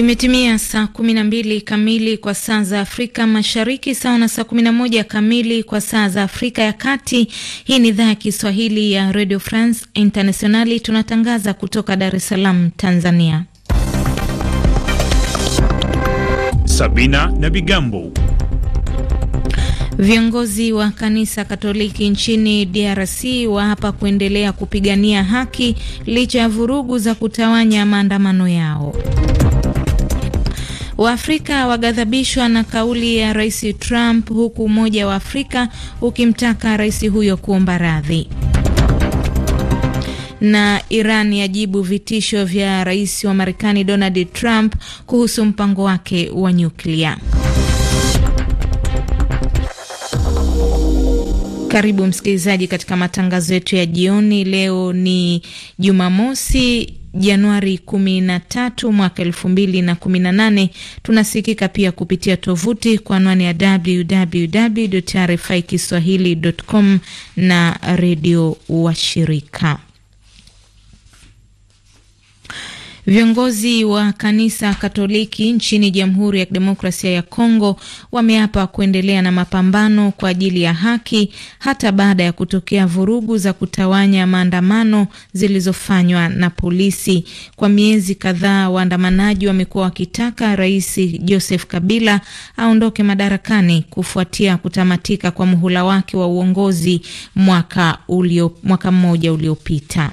Imetimia saa 12 kamili kwa saa za Afrika Mashariki, sawa na saa 11 kamili kwa saa za Afrika ya Kati. Hii ni idhaa ya Kiswahili ya Radio France Internationali, tunatangaza kutoka Dar es Salaam, Tanzania. Sabina na Bigambo. Viongozi wa kanisa Katoliki nchini DRC waapa kuendelea kupigania haki licha ya vurugu za kutawanya maandamano yao. Waafrika waghadhabishwa na kauli ya Rais Trump huku Umoja wa Afrika ukimtaka rais huyo kuomba radhi na Iran yajibu vitisho vya rais wa Marekani Donald Trump kuhusu mpango wake wa nyuklia. Karibu msikilizaji katika matangazo yetu ya jioni. Leo ni Jumamosi, Januari kumi na tatu mwaka elfu mbili na kumi na nane. Tunasikika pia kupitia tovuti kwa anwani ya www RFI Kiswahili.com na redio washirika. Viongozi wa kanisa Katoliki nchini Jamhuri ya Kidemokrasia ya Kongo wameapa kuendelea na mapambano kwa ajili ya haki hata baada ya kutokea vurugu za kutawanya maandamano zilizofanywa na polisi. Kwa miezi kadhaa, waandamanaji wamekuwa wakitaka Rais Joseph Kabila aondoke madarakani kufuatia kutamatika kwa muhula wake wa uongozi mwaka, ulio, mwaka mmoja uliopita.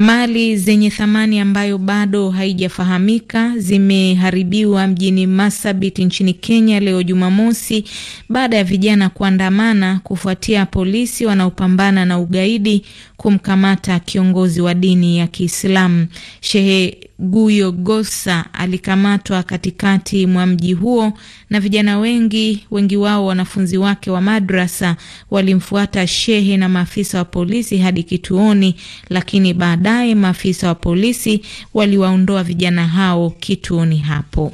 Mali zenye thamani ambayo bado haijafahamika zimeharibiwa mjini Masabit nchini Kenya leo Jumamosi baada ya vijana kuandamana kufuatia polisi wanaopambana na ugaidi kumkamata kiongozi wa dini ya Kiislamu. Shehe gosa alikamatwa katikati mwa mji huo na vijana wengi, wengi wao wanafunzi wake wa madrasa, walimfuata shehe na maafisa wa polisi hadi kituoni, lakini baadaye maafisa wa polisi waliwaondoa vijana hao kituoni hapo.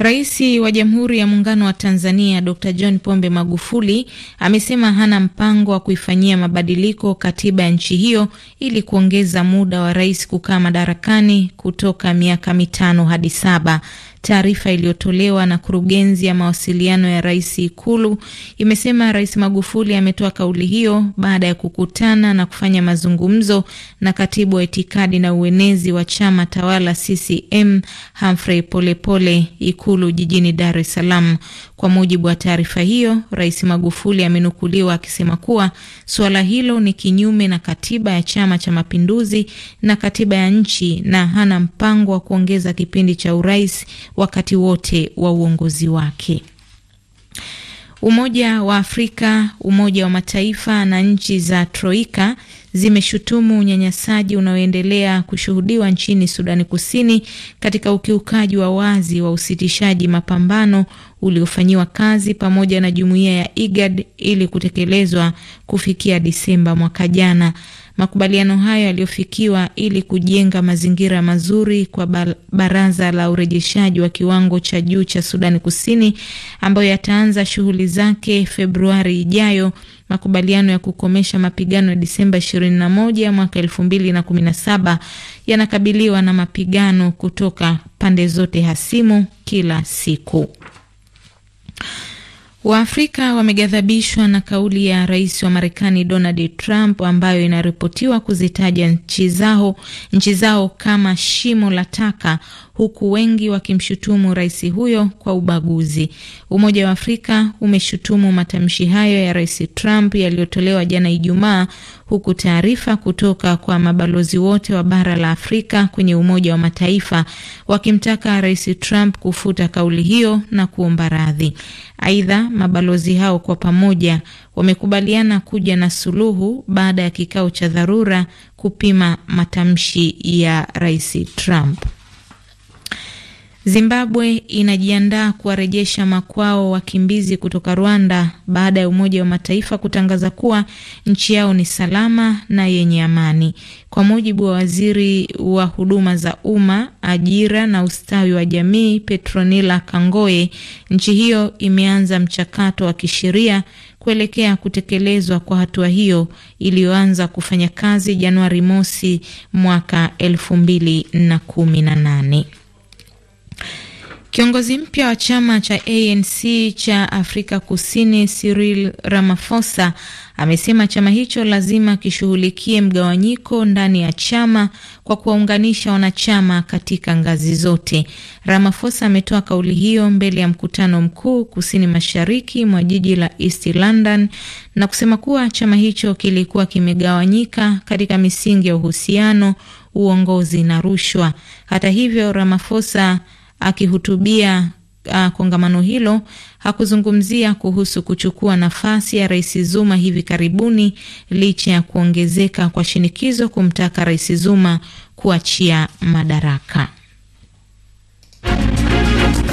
Rais wa Jamhuri ya Muungano wa Tanzania Dr. John Pombe Magufuli amesema hana mpango wa kuifanyia mabadiliko katiba ya nchi hiyo ili kuongeza muda wa rais kukaa madarakani kutoka miaka mitano hadi saba. Taarifa iliyotolewa na kurugenzi ya mawasiliano ya rais Ikulu imesema Rais Magufuli ametoa kauli hiyo baada ya kukutana na kufanya mazungumzo na katibu wa itikadi na uenezi wa chama tawala CCM Humphrey Polepole Ikulu jijini Dar es Salaam. Kwa mujibu wa taarifa hiyo, Rais Magufuli amenukuliwa akisema kuwa suala hilo ni kinyume na katiba ya Chama cha Mapinduzi na katiba ya nchi na hana mpango wa kuongeza kipindi cha urais wakati wote wa uongozi wake. Umoja wa Afrika, Umoja wa Mataifa na nchi za Troika zimeshutumu unyanyasaji unaoendelea kushuhudiwa nchini Sudani Kusini katika ukiukaji wa wazi wa usitishaji mapambano uliofanyiwa kazi pamoja na jumuiya ya IGAD ili kutekelezwa kufikia Disemba mwaka jana. Makubaliano hayo yaliyofikiwa ili kujenga mazingira mazuri kwa baraza la urejeshaji wa kiwango cha juu cha Sudani Kusini ambayo yataanza shughuli zake Februari ijayo. Makubaliano ya kukomesha mapigano ya Disemba 21 mwaka 2017 yanakabiliwa na mapigano kutoka pande zote hasimu kila siku. Waafrika wameghadhabishwa na kauli ya rais wa Marekani Donald Trump ambayo inaripotiwa kuzitaja nchi zao nchi zao kama shimo la taka, huku wengi wakimshutumu rais huyo kwa ubaguzi. Umoja wa Afrika umeshutumu matamshi hayo ya rais Trump yaliyotolewa jana Ijumaa, huku taarifa kutoka kwa mabalozi wote wa bara la Afrika kwenye Umoja wa Mataifa wakimtaka rais Trump kufuta kauli hiyo na kuomba radhi. Aidha, mabalozi hao kwa pamoja wamekubaliana kuja na suluhu baada ya kikao cha dharura kupima matamshi ya rais Trump. Zimbabwe inajiandaa kuwarejesha makwao wakimbizi kutoka Rwanda baada ya Umoja wa Mataifa kutangaza kuwa nchi yao ni salama na yenye amani. Kwa mujibu wa waziri wa huduma za umma, ajira na ustawi wa jamii Petronila kangoe nchi hiyo imeanza mchakato wa kisheria kuelekea kutekelezwa kwa hatua hiyo iliyoanza kufanya kazi Januari mosi mwaka elfu mbili na kumi na nane. Kiongozi mpya wa chama cha ANC cha Afrika Kusini Cyril Ramaphosa amesema chama hicho lazima kishughulikie mgawanyiko ndani ya chama kwa kuwaunganisha wanachama katika ngazi zote. Ramaphosa ametoa kauli hiyo mbele ya mkutano mkuu kusini mashariki mwa jiji la East London na kusema kuwa chama hicho kilikuwa kimegawanyika katika misingi ya uhusiano, uongozi na rushwa. Hata hivyo Ramaphosa Akihutubia uh, kongamano hilo hakuzungumzia kuhusu kuchukua nafasi ya Rais Zuma hivi karibuni licha ya kuongezeka kwa shinikizo kumtaka Rais Zuma kuachia madaraka.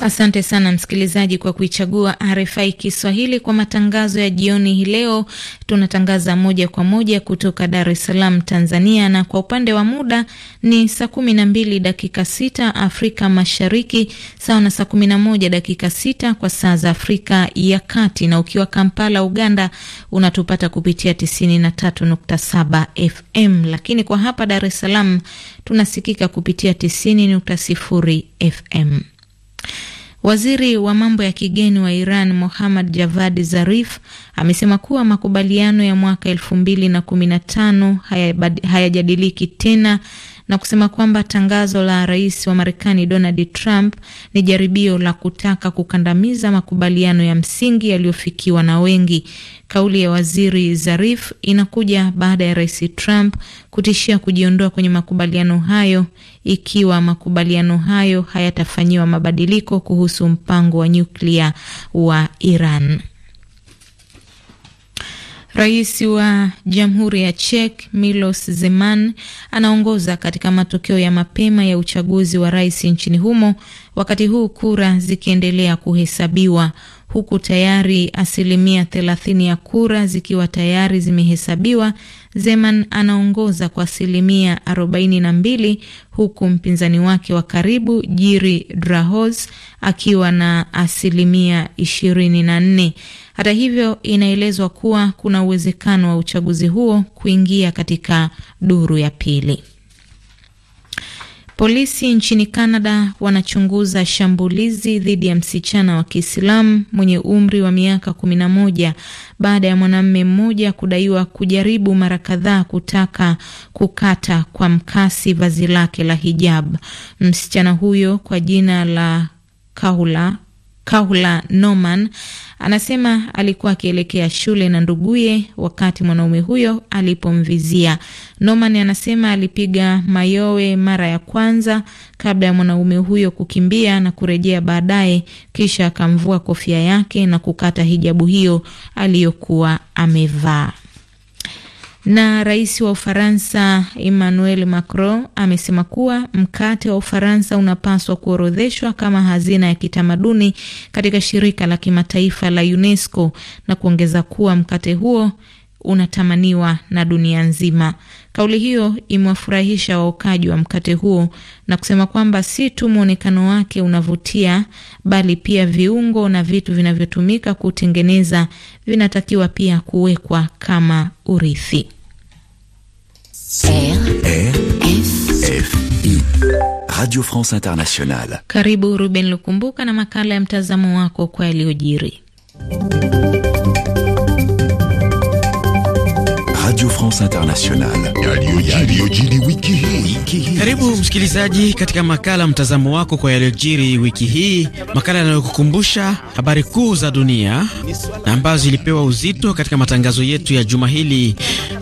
Asante sana msikilizaji kwa kuichagua RFI Kiswahili kwa matangazo ya jioni hii leo. Tunatangaza moja kwa moja kutoka Dar es Salaam, Tanzania, na kwa upande wa muda ni saa kumi na mbili dakika sita Afrika Mashariki, sawa na saa kumi na moja dakika sita kwa saa za Afrika ya Kati, na ukiwa Kampala, Uganda, unatupata kupitia 93.7 FM, lakini kwa hapa Dar es Salaam tunasikika kupitia 90.0 FM. Waziri wa mambo ya kigeni wa Iran Mohammad Javad Zarif amesema kuwa makubaliano ya mwaka elfu mbili na kumi na tano hayajadiliki haya tena na kusema kwamba tangazo la rais wa Marekani Donald Trump ni jaribio la kutaka kukandamiza makubaliano ya msingi yaliyofikiwa na wengi. Kauli ya waziri Zarif inakuja baada ya rais Trump kutishia kujiondoa kwenye makubaliano hayo ikiwa makubaliano hayo hayatafanyiwa mabadiliko kuhusu mpango wa nyuklia wa Iran. Rais wa Jamhuri ya Czech Milos Zeman anaongoza katika matokeo ya mapema ya uchaguzi wa rais nchini humo wakati huu kura zikiendelea kuhesabiwa huku tayari asilimia thelathini ya kura zikiwa tayari zimehesabiwa. Zeman anaongoza kwa asilimia arobaini na mbili huku mpinzani wake wa karibu Jiri Drahos akiwa na asilimia ishirini na nne. Hata hivyo, inaelezwa kuwa kuna uwezekano wa uchaguzi huo kuingia katika duru ya pili. Polisi nchini Canada wanachunguza shambulizi dhidi ya msichana wa Kiislamu mwenye umri wa miaka kumi na moja baada ya mwanamume mmoja kudaiwa kujaribu mara kadhaa kutaka kukata kwa mkasi vazi lake la hijab. Msichana huyo kwa jina la Kahula Kahula Norman anasema alikuwa akielekea shule na nduguye wakati mwanaume huyo alipomvizia. Norman anasema alipiga mayowe mara ya kwanza kabla ya mwanaume huyo kukimbia na kurejea baadaye, kisha akamvua kofia yake na kukata hijabu hiyo aliyokuwa amevaa. Na rais wa Ufaransa Emmanuel Macron amesema kuwa mkate wa Ufaransa unapaswa kuorodheshwa kama hazina ya kitamaduni katika shirika la kimataifa la UNESCO na kuongeza kuwa mkate huo unatamaniwa na dunia nzima. Kauli hiyo imewafurahisha waokaji wa mkate huo na kusema kwamba si tu mwonekano wake unavutia, bali pia viungo na vitu vinavyotumika kutengeneza vinatakiwa pia kuwekwa kama urithi. Radio France Internationale. Karibu Ruben Lukumbuka na makala ya mtazamo wako kwa yaliyojiri. Radio France Internationale. Yaliyojiri wiki hii. Karibu msikilizaji katika makala mtazamo wako kwa yaliyojiri wiki hii, makala yanayokukumbusha habari kuu za dunia na ambazo zilipewa uzito katika matangazo yetu ya juma hili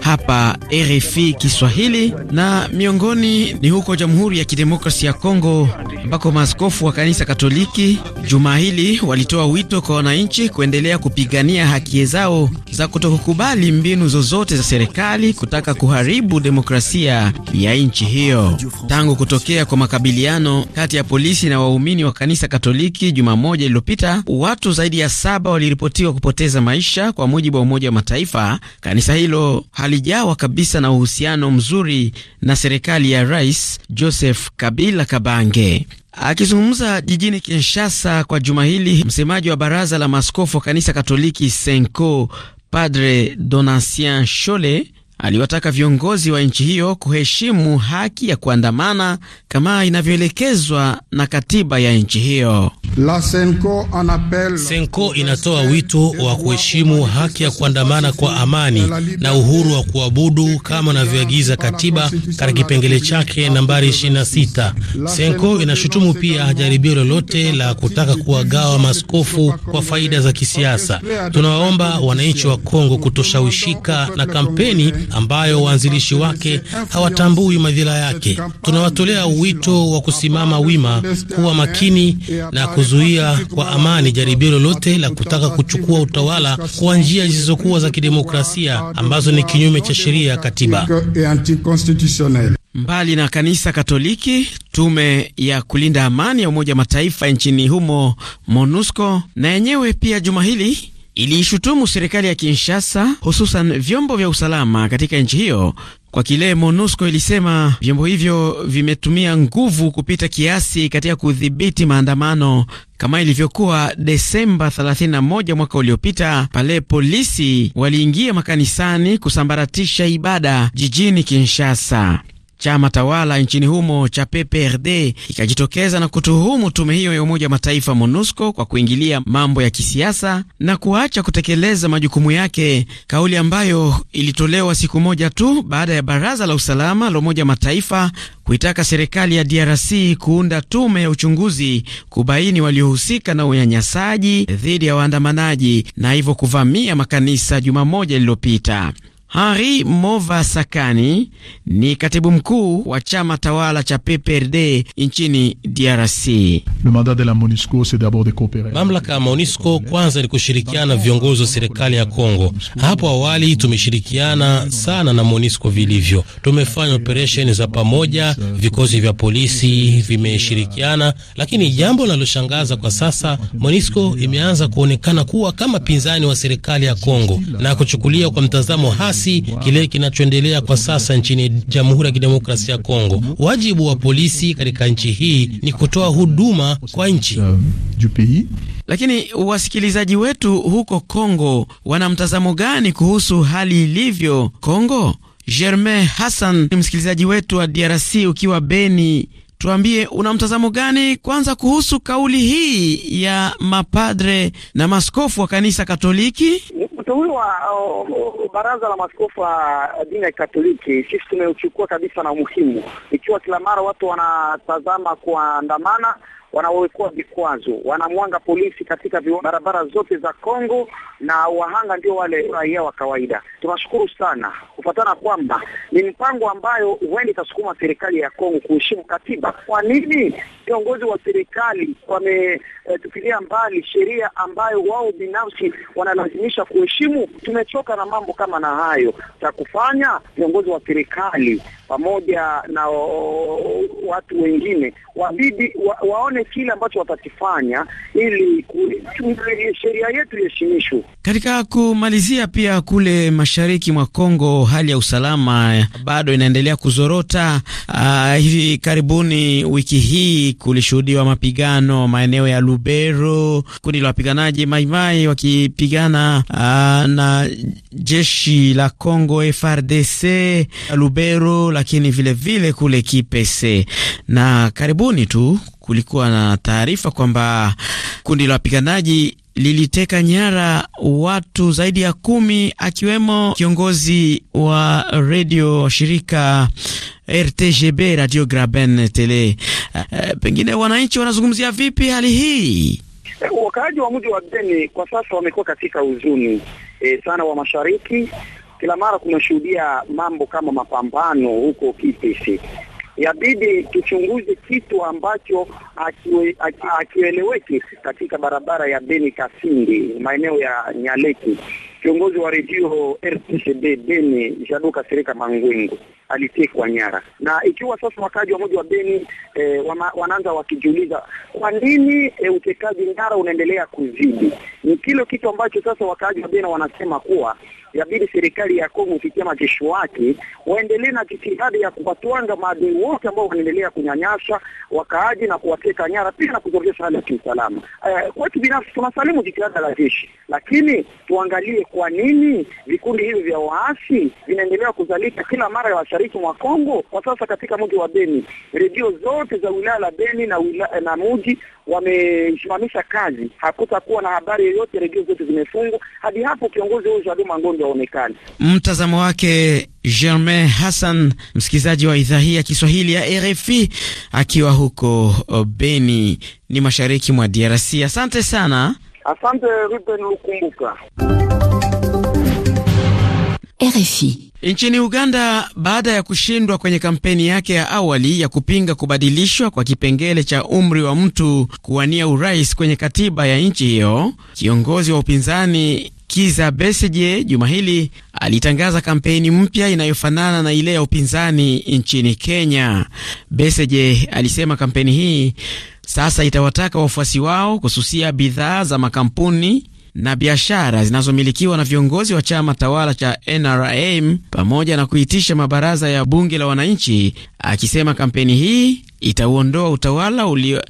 hapa RFI Kiswahili, na miongoni ni huko Jamhuri ya Kidemokrasia ya Kongo ambako maaskofu wa kanisa Katoliki juma hili walitoa wito kwa wananchi kuendelea kupigania haki zao za kutokukubali mbinu zozote za serikali kutaka kuharibu demokrasia ya nchi hiyo. Tangu kutokea kwa makabiliano kati ya polisi na waumini wa kanisa Katoliki juma moja iliyopita, watu zaidi ya saba waliripotiwa kupoteza maisha, kwa mujibu wa Umoja wa Mataifa. Kanisa hilo halijawa kabisa na uhusiano mzuri na serikali ya Rais Joseph Kabila Kabange. Akizungumza jijini Kinshasa kwa juma hili, msemaji wa baraza la maskofu wa kanisa Katoliki Senko Padre Donatien Shole aliwataka viongozi wa nchi hiyo kuheshimu haki ya kuandamana kama inavyoelekezwa na katiba ya nchi hiyo. Senko inatoa wito wa kuheshimu haki ya kuandamana kwa amani na uhuru wa kuabudu kama anavyoagiza katiba katika kipengele chake nambari 26. Senko inashutumu pia jaribio lolote la kutaka kuwagawa maskofu kwa faida za kisiasa. Tunawaomba wananchi wa Kongo kutoshawishika na kampeni ambayo waanzilishi wake hawatambui madhila yake. Tunawatolea wito wa kusimama wima, kuwa makini na kuzuia kwa amani jaribio lolote la kutaka kuchukua utawala kwa njia zisizokuwa za kidemokrasia ambazo ni kinyume cha sheria ya katiba. Mbali na kanisa Katoliki, tume ya kulinda amani ya Umoja Mataifa nchini humo MONUSCO na yenyewe pia juma hili iliishutumu serikali ya Kinshasa, hususan vyombo vya usalama katika nchi hiyo kwa kile MONUSCO ilisema vyombo hivyo vimetumia nguvu kupita kiasi katika kudhibiti maandamano kama ilivyokuwa Desemba 31 mwaka uliopita pale polisi waliingia makanisani kusambaratisha ibada jijini Kinshasa chama tawala nchini humo cha PPRD ikajitokeza na kutuhumu tume hiyo ya Umoja wa Mataifa MONUSCO kwa kuingilia mambo ya kisiasa na kuacha kutekeleza majukumu yake, kauli ambayo ilitolewa siku moja tu baada ya Baraza la Usalama la Umoja wa Mataifa kuitaka serikali ya DRC kuunda tume ya uchunguzi kubaini waliohusika na unyanyasaji dhidi ya waandamanaji na hivyo kuvamia makanisa juma moja lililopita. Henri Mova Sakani ni katibu mkuu wa chama tawala cha PPRD nchini DRC. Mamlaka ya MONUSCO kwanza ni kushirikiana viongozi wa serikali ya Kongo. Hapo awali tumeshirikiana sana na MONUSCO vilivyo, tumefanya operesheni za pamoja, vikosi vya polisi vimeshirikiana, lakini jambo linaloshangaza kwa sasa, MONUSCO imeanza kuonekana kuwa kama pinzani wa serikali ya Kongo na kuchukulia kwa mtazamo hasi polisi kile kinachoendelea kwa sasa nchini Jamhuri ya Kidemokrasia ya Kongo. Wajibu wa polisi katika nchi hii ni kutoa huduma kwa nchi. Lakini wasikilizaji wetu huko Kongo wana mtazamo gani kuhusu hali ilivyo Kongo? Germain Hassan ni msikilizaji wetu wa DRC ukiwa Beni tuambie una mtazamo gani kwanza kuhusu kauli hii ya mapadre na maskofu wa kanisa Katoliki? Wito huyo wa baraza la maskofu wa dini ya Katoliki sisi tumeuchukua kabisa na umuhimu, ikiwa kila mara watu wanatazama kuandamana wanaowekwa vikwazo, wanamwanga polisi katika barabara zote za Kongo, na wahanga ndio wale raia wa kawaida. Tunashukuru sana kupatana kwamba ni mpango ambayo huenda itasukuma serikali ya Kongo kuheshimu katiba. Kwa nini viongozi wa serikali wametupilia mbali sheria ambayo wao binafsi wanalazimisha kuheshimu? Tumechoka na mambo kama na hayo. Cha kufanya viongozi wa serikali pamoja na o, watu wengine wabidi wa, waone kile ambacho watakifanya ili sheria yetu iheshimishwe. Katika kumalizia, pia kule mashariki mwa Kongo hali ya usalama bado inaendelea kuzorota. Uh, hivi karibuni wiki hii kulishuhudiwa mapigano maeneo ya Lubero, kundi la wapiganaji Maimai wakipigana uh, na jeshi la Kongo FRDC Lubero, lakini vilevile vile kule Kipese na karibuni tu kulikuwa na taarifa kwamba kundi la wapiganaji liliteka nyara watu zaidi ya kumi akiwemo kiongozi wa redio shirika RTGB Radio Graben Tele. E, pengine wananchi wanazungumzia vipi hali hii? E, wakaaji wa mji wa Beni kwa sasa wamekuwa katika huzuni e, sana wa mashariki kila mara kunashuhudia mambo kama mapambano huko Kipisi yabidi tuchunguze kitu ambacho hakieleweki katika barabara ya Beni Kasindi, maeneo ya Nyaleki. Kiongozi wa redio RTCB Beni Jado Kasereka Mangwengu alitekwa nyara, na ikiwa sasa wakaji wa mji wa Beni e, wanaanza wakijiuliza kwa nini e, utekaji nyara unaendelea kuzidi. Ni kile kitu ambacho sasa wakaaji wa Beni wanasema kuwa yabidi serikali ya Kongo kupitia majeshi wake waendelee na jitihada ya kuwatwanga maadui wote ambao wanaendelea kunyanyasa wakaaji na kuwateka nyara, pia na kuzorgesha hali ya kiusalama. Uh, kwetu binafsi tunasalimu jitihada la jeshi, lakini tuangalie kwa nini vikundi hivi vya waasi vinaendelea kuzalika kila mara ya washariki mwa Kongo. Kwa sasa katika mji wa Beni, redio zote za wilaya la Beni na wila, na mji wamesimamisha kazi, hakutakuwa na habari yoyote, redio zote zimefungwa hadi hapo kiongozi huyu Jado Mangondo hajaonekana. Mtazamo wake Germain Hassan, msikilizaji wa idhaa hii ya Kiswahili ya RFI akiwa huko Beni, ni mashariki mwa DRC. Asante sana. Asante Ruben Lukumbuka. RFI. Nchini Uganda, baada ya kushindwa kwenye kampeni yake ya awali ya kupinga kubadilishwa kwa kipengele cha umri wa mtu kuwania urais kwenye katiba ya nchi hiyo, kiongozi wa upinzani Kiza Besigye juma hili alitangaza kampeni mpya inayofanana na ile ya upinzani nchini Kenya. Besigye alisema kampeni hii sasa itawataka wafuasi wao kususia bidhaa za makampuni na biashara zinazomilikiwa na viongozi wa chama tawala cha NRM pamoja na kuitisha mabaraza ya bunge la wananchi, akisema kampeni hii itauondoa utawala ulio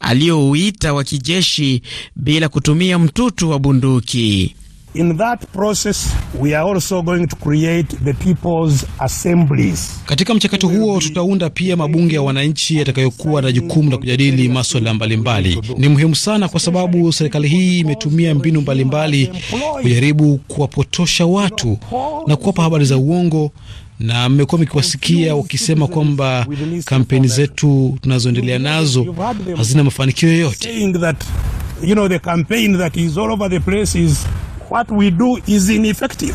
aliyouita wa kijeshi bila kutumia mtutu wa bunduki. In that process, we are also going to create the people's assemblies. Katika mchakato huo tutaunda pia mabunge ya wananchi yatakayokuwa na jukumu la kujadili maswala mbalimbali. Ni muhimu sana kwa sababu serikali hii imetumia mbinu mbalimbali kujaribu kuwapotosha watu na kuwapa habari za uongo na mmekuwa mkiwasikia wakisema kwamba kampeni zetu tunazoendelea nazo hazina mafanikio yoyote what we do is ineffective.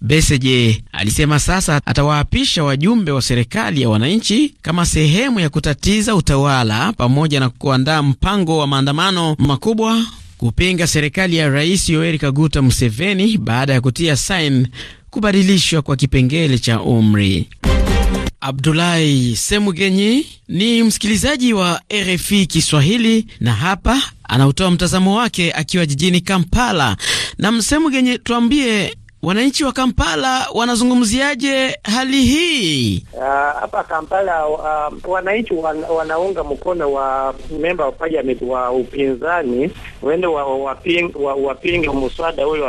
Beseje alisema sasa atawaapisha wajumbe wa serikali ya wananchi kama sehemu ya kutatiza utawala pamoja na kuandaa mpango wa maandamano makubwa kupinga serikali ya Rais Yoweri Kaguta Museveni baada ya kutia saini kubadilishwa kwa kipengele cha umri. Abdulahi Semugenyi ni msikilizaji wa RFI Kiswahili na hapa anautoa mtazamo wake akiwa jijini Kampala. Na Msemugenyi, tuambie Wananchi wa Kampala wanazungumziaje hali hii ah, hapa? Uh, Kampala uh, wananchi wan, wanaunga mkono wa memba wa parliament wa upinzani wende wapinge wa, wa, wa mswada huyo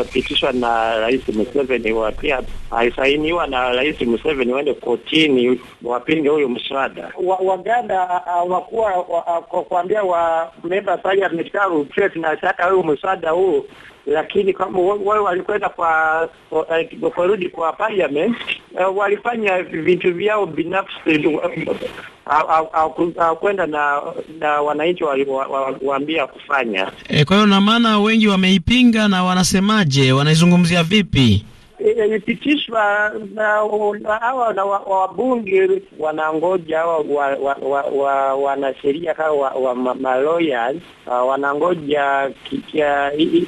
apitishwa ah, uh, uh, na Rais Museveni, pia aisainiwa na Rais Museveni, waende kotini wapinge huyo mswada. Waganda wakuwa kuambia wa memba parliament na shaka huyo mswada huo lakini kama wao walikwenda kwa eh, kurudi kwa parliament eh, walifanya vitu vyao binafsi, kwenda na na wananchi waliwaambia kufanya. Eh, kwa hiyo na maana wengi wameipinga, na wanasemaje, wanaizungumzia vipi? imepitishwa na hawa wabunge wanangoja hawa wanasheria hawa maloyas uh, wanangoja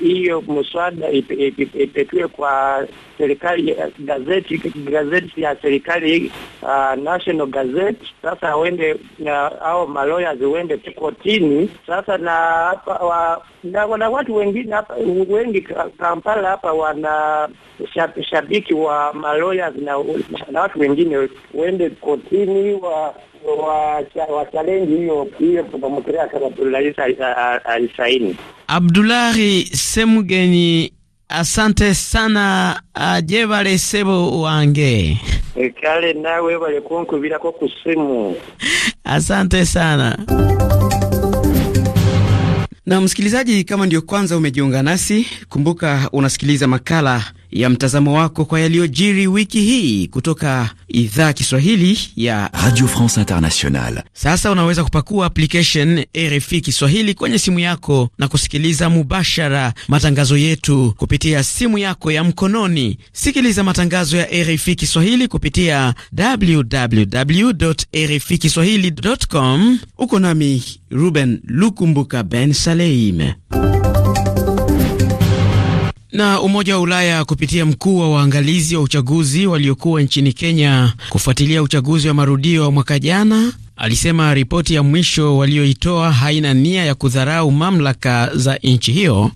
hiyo mswada ipetue kwa serikali gazeti gazeti ya serikali uh, National Gazette. Sasa wende uh, au maloyers wende tu kotini sasa, na hapa wa, na wana watu wengine hapa wengi Kampala hapa wana shabiki wa maloya na, na watu wengine wende kotini wa wa challenge hiyo hiyo promotoria kama uh, uh, Abdullahi Saini Abdullahi Semugeni Asante sana uh, Jebale Sebo wange ekale nawe bale kunkubirako ku Asante sana. Na msikilizaji, kama ndio kwanza umejiunga nasi, kumbuka unasikiliza makala ya mtazamo wako kwa yaliyojiri wiki hii kutoka idhaa Kiswahili ya Radio France Internationale. Sasa unaweza kupakua application RFI Kiswahili kwenye simu yako na kusikiliza mubashara matangazo yetu kupitia simu yako ya mkononi. Sikiliza matangazo ya RFI Kiswahili kupitia www.rfikiswahili.com. Uko nami Ruben Lukumbuka Ben Salim. Saleim. Na Umoja wa Ulaya kupitia mkuu wa waangalizi wa uchaguzi waliokuwa nchini Kenya kufuatilia uchaguzi wa marudio wa mwaka jana alisema ripoti ya mwisho walioitoa haina nia ya kudharau mamlaka za nchi hiyo.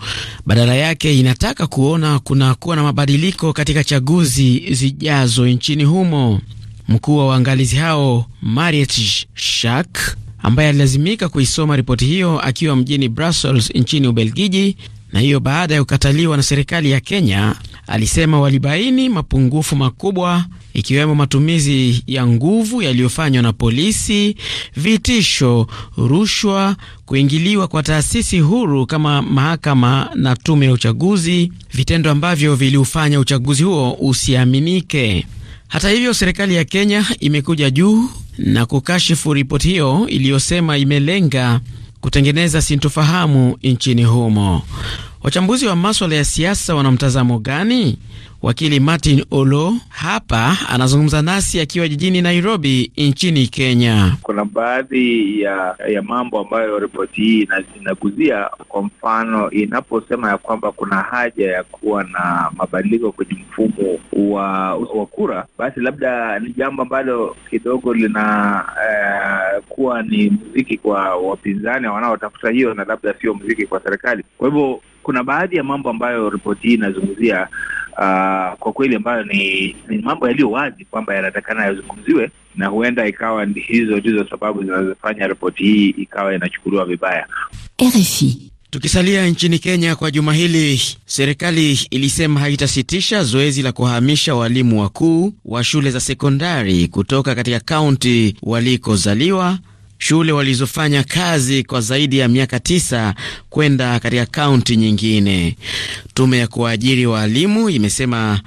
Badala yake inataka kuona kunakuwa na mabadiliko katika chaguzi zijazo nchini humo. Mkuu wa waangalizi hao Mariet Shak ambaye alilazimika kuisoma ripoti hiyo akiwa mjini Brussels nchini Ubelgiji, na hiyo baada ya kukataliwa na serikali ya Kenya. Alisema walibaini mapungufu makubwa ikiwemo matumizi ya nguvu yaliyofanywa na polisi, vitisho, rushwa, kuingiliwa kwa taasisi huru kama mahakama na tume ya uchaguzi, vitendo ambavyo viliufanya uchaguzi huo usiaminike. Hata hivyo, serikali ya Kenya imekuja juu na kukashifu ripoti hiyo iliyosema imelenga kutengeneza sintofahamu nchini humo. Wachambuzi wa maswala ya siasa wana mtazamo gani? Wakili Martin Olo hapa anazungumza nasi akiwa jijini Nairobi nchini Kenya. Kuna baadhi ya, ya mambo ambayo ripoti hii inaguzia. Kwa mfano, inaposema ya kwamba kuna haja ya kuwa na mabadiliko kwenye mfumo wa, wa kura, basi labda ni jambo ambalo kidogo lina eh, kuwa ni mziki kwa wapinzani wanaotafuta hiyo, na labda sio mziki kwa serikali. Kwa hivyo kuna baadhi ya mambo ambayo ripoti hii inazungumzia uh, kwa kweli ambayo ni, ni mambo yaliyo wazi kwamba yanatakana yazungumziwe, na huenda ikawa hizo ndizo sababu zinazofanya ripoti hii ikawa inachukuliwa vibaya. RFI. Tukisalia nchini Kenya kwa juma hili, serikali ilisema haitasitisha zoezi la kuhamisha walimu wakuu wa shule za sekondari kutoka katika kaunti walikozaliwa shule walizofanya kazi kwa zaidi ya miaka tisa kwenda katika kaunti nyingine. Tume ya kuajiri waalimu imesema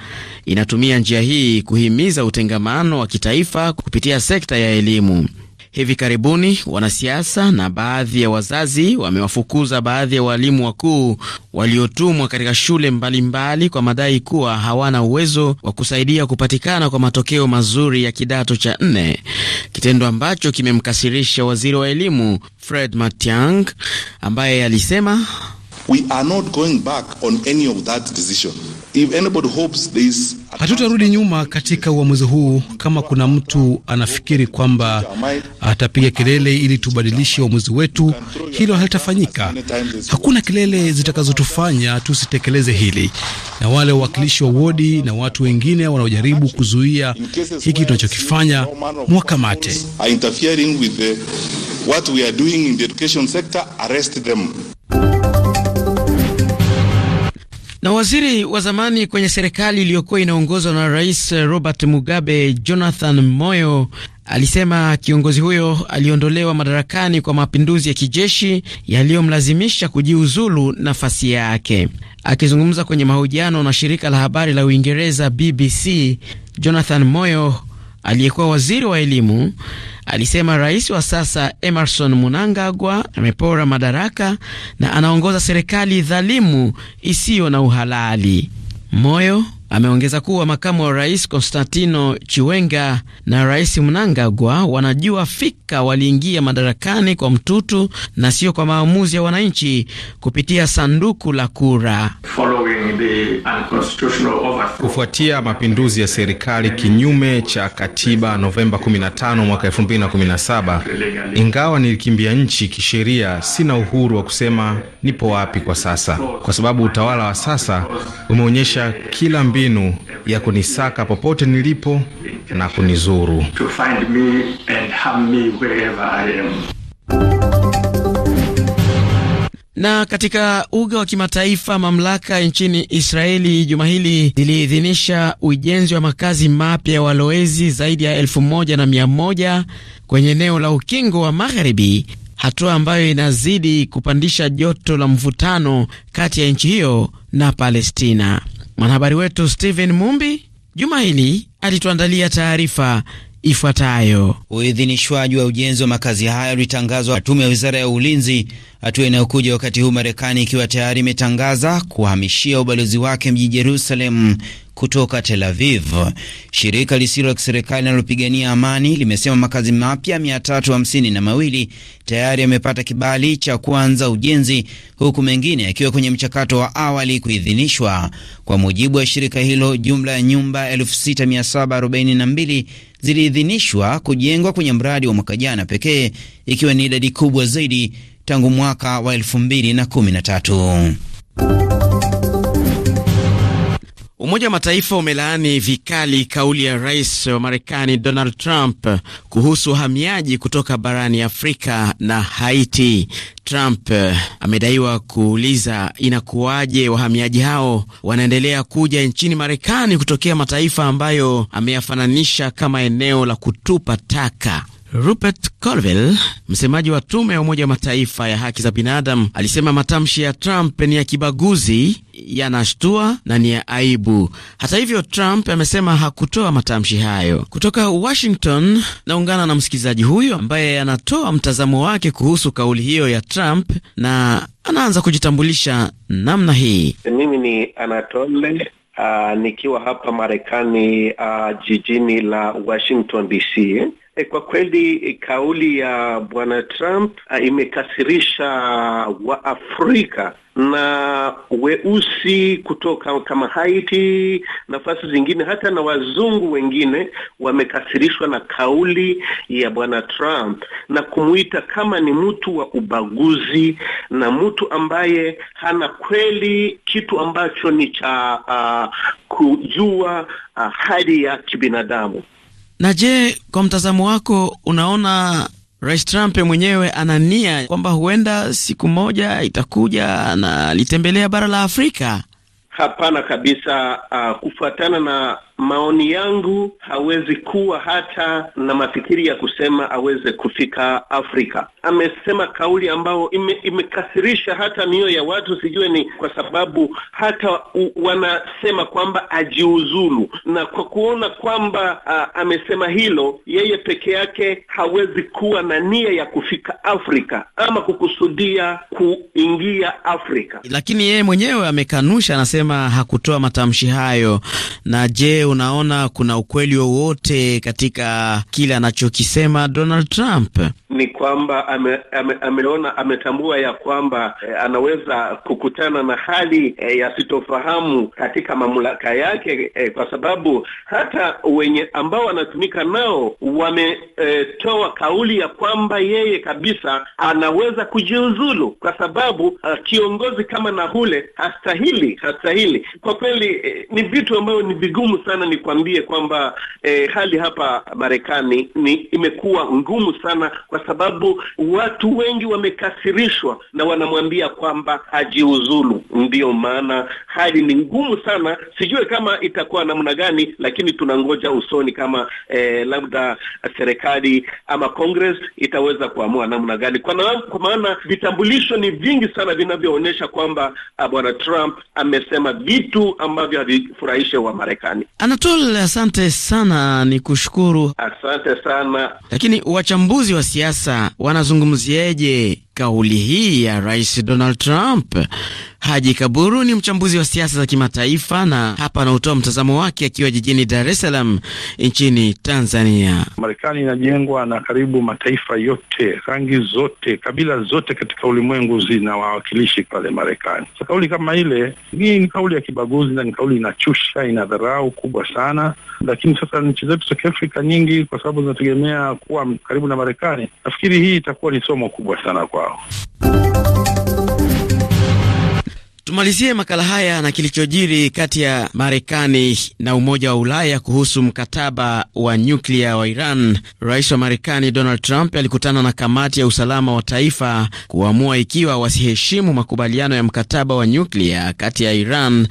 inatumia njia hii kuhimiza utengamano wa kitaifa kupitia sekta ya elimu. Hivi karibuni wanasiasa na baadhi ya wazazi wamewafukuza baadhi ya walimu wakuu waliotumwa katika shule mbalimbali mbali kwa madai kuwa hawana uwezo wa kusaidia kupatikana kwa matokeo mazuri ya kidato cha nne, kitendo ambacho kimemkasirisha waziri wa elimu Fred Matiang'i ambaye alisema Hatutarudi nyuma katika uamuzi huu. Kama kuna mtu anafikiri kwamba atapiga kelele ili tubadilishe uamuzi wetu, hilo halitafanyika. Hakuna kelele zitakazotufanya tusitekeleze hili, na wale wawakilishi wa wodi na watu wengine wanaojaribu kuzuia hiki tunachokifanya, mwakamate. Na waziri wa zamani kwenye serikali iliyokuwa inaongozwa na Rais Robert Mugabe, Jonathan Moyo alisema kiongozi huyo aliondolewa madarakani kwa mapinduzi ya kijeshi yaliyomlazimisha kujiuzulu nafasi yake. Akizungumza kwenye mahojiano na shirika la habari la Uingereza BBC, Jonathan Moyo aliyekuwa waziri wa elimu alisema rais wa sasa Emerson Mnangagwa amepora madaraka na anaongoza serikali dhalimu isiyo na uhalali. Moyo Ameongeza kuwa makamu wa rais Konstantino Chiwenga na rais Mnangagwa wanajua fika waliingia madarakani kwa mtutu na sio kwa maamuzi ya wananchi kupitia sanduku la kura. Kufuatia mapinduzi ya serikali kinyume cha katiba Novemba 15 mwaka 2017, ingawa nilikimbia nchi kisheria, sina uhuru wa kusema nipo wapi kwa sasa, kwa sababu utawala wa sasa umeonyesha kila mbinu ya kunisaka popote nilipo na kunizuru. Na katika uga wa kimataifa, mamlaka nchini Israeli juma hili ziliidhinisha ujenzi wa makazi mapya ya walowezi zaidi ya elfu moja na mia moja kwenye eneo la ukingo wa Magharibi, hatua ambayo inazidi kupandisha joto la mvutano kati ya nchi hiyo na Palestina. Mwanahabari wetu Steven Mumbi juma hili alituandalia taarifa ifuatayo. Uidhinishwaji wa ujenzi wa makazi hayo ulitangazwa na tume ya wizara ya ulinzi, hatua inayokuja wakati huu Marekani ikiwa tayari imetangaza kuhamishia ubalozi wake mjini Jerusalem kutoka Tel Aviv. Shirika lisilo la kiserikali linalopigania amani limesema makazi mapya mia tatu hamsini na mawili tayari yamepata kibali cha kuanza ujenzi, huku mengine yakiwa kwenye mchakato wa awali kuidhinishwa. Kwa mujibu wa shirika hilo, jumla ya nyumba elfu sita mia saba arobaini na mbili ziliidhinishwa kujengwa kwenye mradi wa mwaka jana pekee, ikiwa ni idadi kubwa zaidi tangu mwaka wa 213 Umoja wa Mataifa umelaani vikali kauli ya rais wa Marekani Donald Trump kuhusu wahamiaji kutoka barani Afrika na Haiti. Trump eh, amedaiwa kuuliza inakuwaje wahamiaji hao wanaendelea kuja nchini Marekani kutokea mataifa ambayo ameyafananisha kama eneo la kutupa taka. Rupert Colville, msemaji wa tume ya Umoja wa Mataifa ya haki za binadamu, alisema matamshi ya Trump ni ya kibaguzi, yanashtua na ni ya aibu. Hata hivyo, Trump amesema hakutoa matamshi hayo. Kutoka Washington naungana na msikilizaji huyo ambaye anatoa mtazamo wake kuhusu kauli hiyo ya Trump na anaanza kujitambulisha namna hii. Mimi ni Anatole uh, nikiwa hapa Marekani uh, jijini la Washington DC. E, kwa kweli eh, kauli ya bwana Trump eh, imekasirisha Waafrika na weusi kutoka kama Haiti, nafasi zingine, hata na wazungu wengine wamekasirishwa na kauli ya bwana Trump na kumuita kama ni mtu wa ubaguzi na mtu ambaye hana kweli kitu ambacho ni cha uh, kujua uh, hali ya kibinadamu. Na je, kwa mtazamo wako unaona Rais Trump mwenyewe ana nia kwamba huenda siku moja itakuja na litembelea bara la Afrika? Hapana kabisa. Uh, kufuatana na maoni yangu hawezi kuwa hata na mafikiri ya kusema aweze kufika Afrika. Amesema kauli ambayo ime, imekasirisha hata mioyo ya watu, sijue ni kwa sababu hata u, wanasema kwamba ajiuzulu, na kwa kuona kwamba amesema hilo, yeye peke yake hawezi kuwa na nia ya kufika Afrika ama kukusudia kuingia Afrika, lakini yeye mwenyewe amekanusha, anasema hakutoa matamshi hayo. Na je unaona kuna ukweli wowote katika kile anachokisema Donald Trump? ni kwamba ame, ame, ameona ametambua ya kwamba eh, anaweza kukutana na hali eh, ya sitofahamu katika mamlaka yake eh, kwa sababu hata wenye ambao wanatumika nao wametoa eh, kauli ya kwamba yeye kabisa anaweza kujiuzulu kwa sababu uh, kiongozi kama na hule hastahili hastahili. Kwa kweli eh, ni vitu ambavyo ni vigumu sana nikwambie kwamba eh, hali hapa Marekani ni imekuwa ngumu sana kwa kwa sababu watu wengi wamekasirishwa na wanamwambia kwamba hajiuzulu. Ndiyo maana hali ni ngumu sana, sijue kama itakuwa namna gani, lakini tunangoja usoni kama eh, labda serikali ama Congress itaweza kuamua namna gani, kwa maana vitambulisho ni vingi sana vinavyoonyesha kwamba ah, bwana Trump amesema vitu ambavyo havifurahishe wa Marekani. Anatol, asante sana, ni kushukuru. Asante sana lakini wachambuzi wa siasa wanasiasa wanazungumzieje kauli hii ya Rais Donald Trump. Haji Kaburu ni mchambuzi wa siasa za kimataifa na hapa anautoa mtazamo wake akiwa jijini Dar es Salaam nchini Tanzania. Marekani inajengwa na karibu mataifa yote, rangi zote, kabila zote katika ulimwengu zina wawakilishi pale Marekani. Sa kauli kama ile hii ni kauli ya kibaguzi na ni kauli inachusha, ina dharau kubwa sana. Lakini sasa nchi zetu za Kiafrika nyingi, kwa sababu zinategemea kuwa karibu na Marekani, nafikiri hii itakuwa ni somo kubwa sana kwa wao. Tumalizie makala haya na kilichojiri kati ya Marekani na Umoja wa Ulaya kuhusu mkataba wa nyuklia wa Iran. Rais wa Marekani Donald Trump alikutana na kamati ya usalama wa taifa kuamua ikiwa wasiheshimu makubaliano ya mkataba wa nyuklia kati ya Iran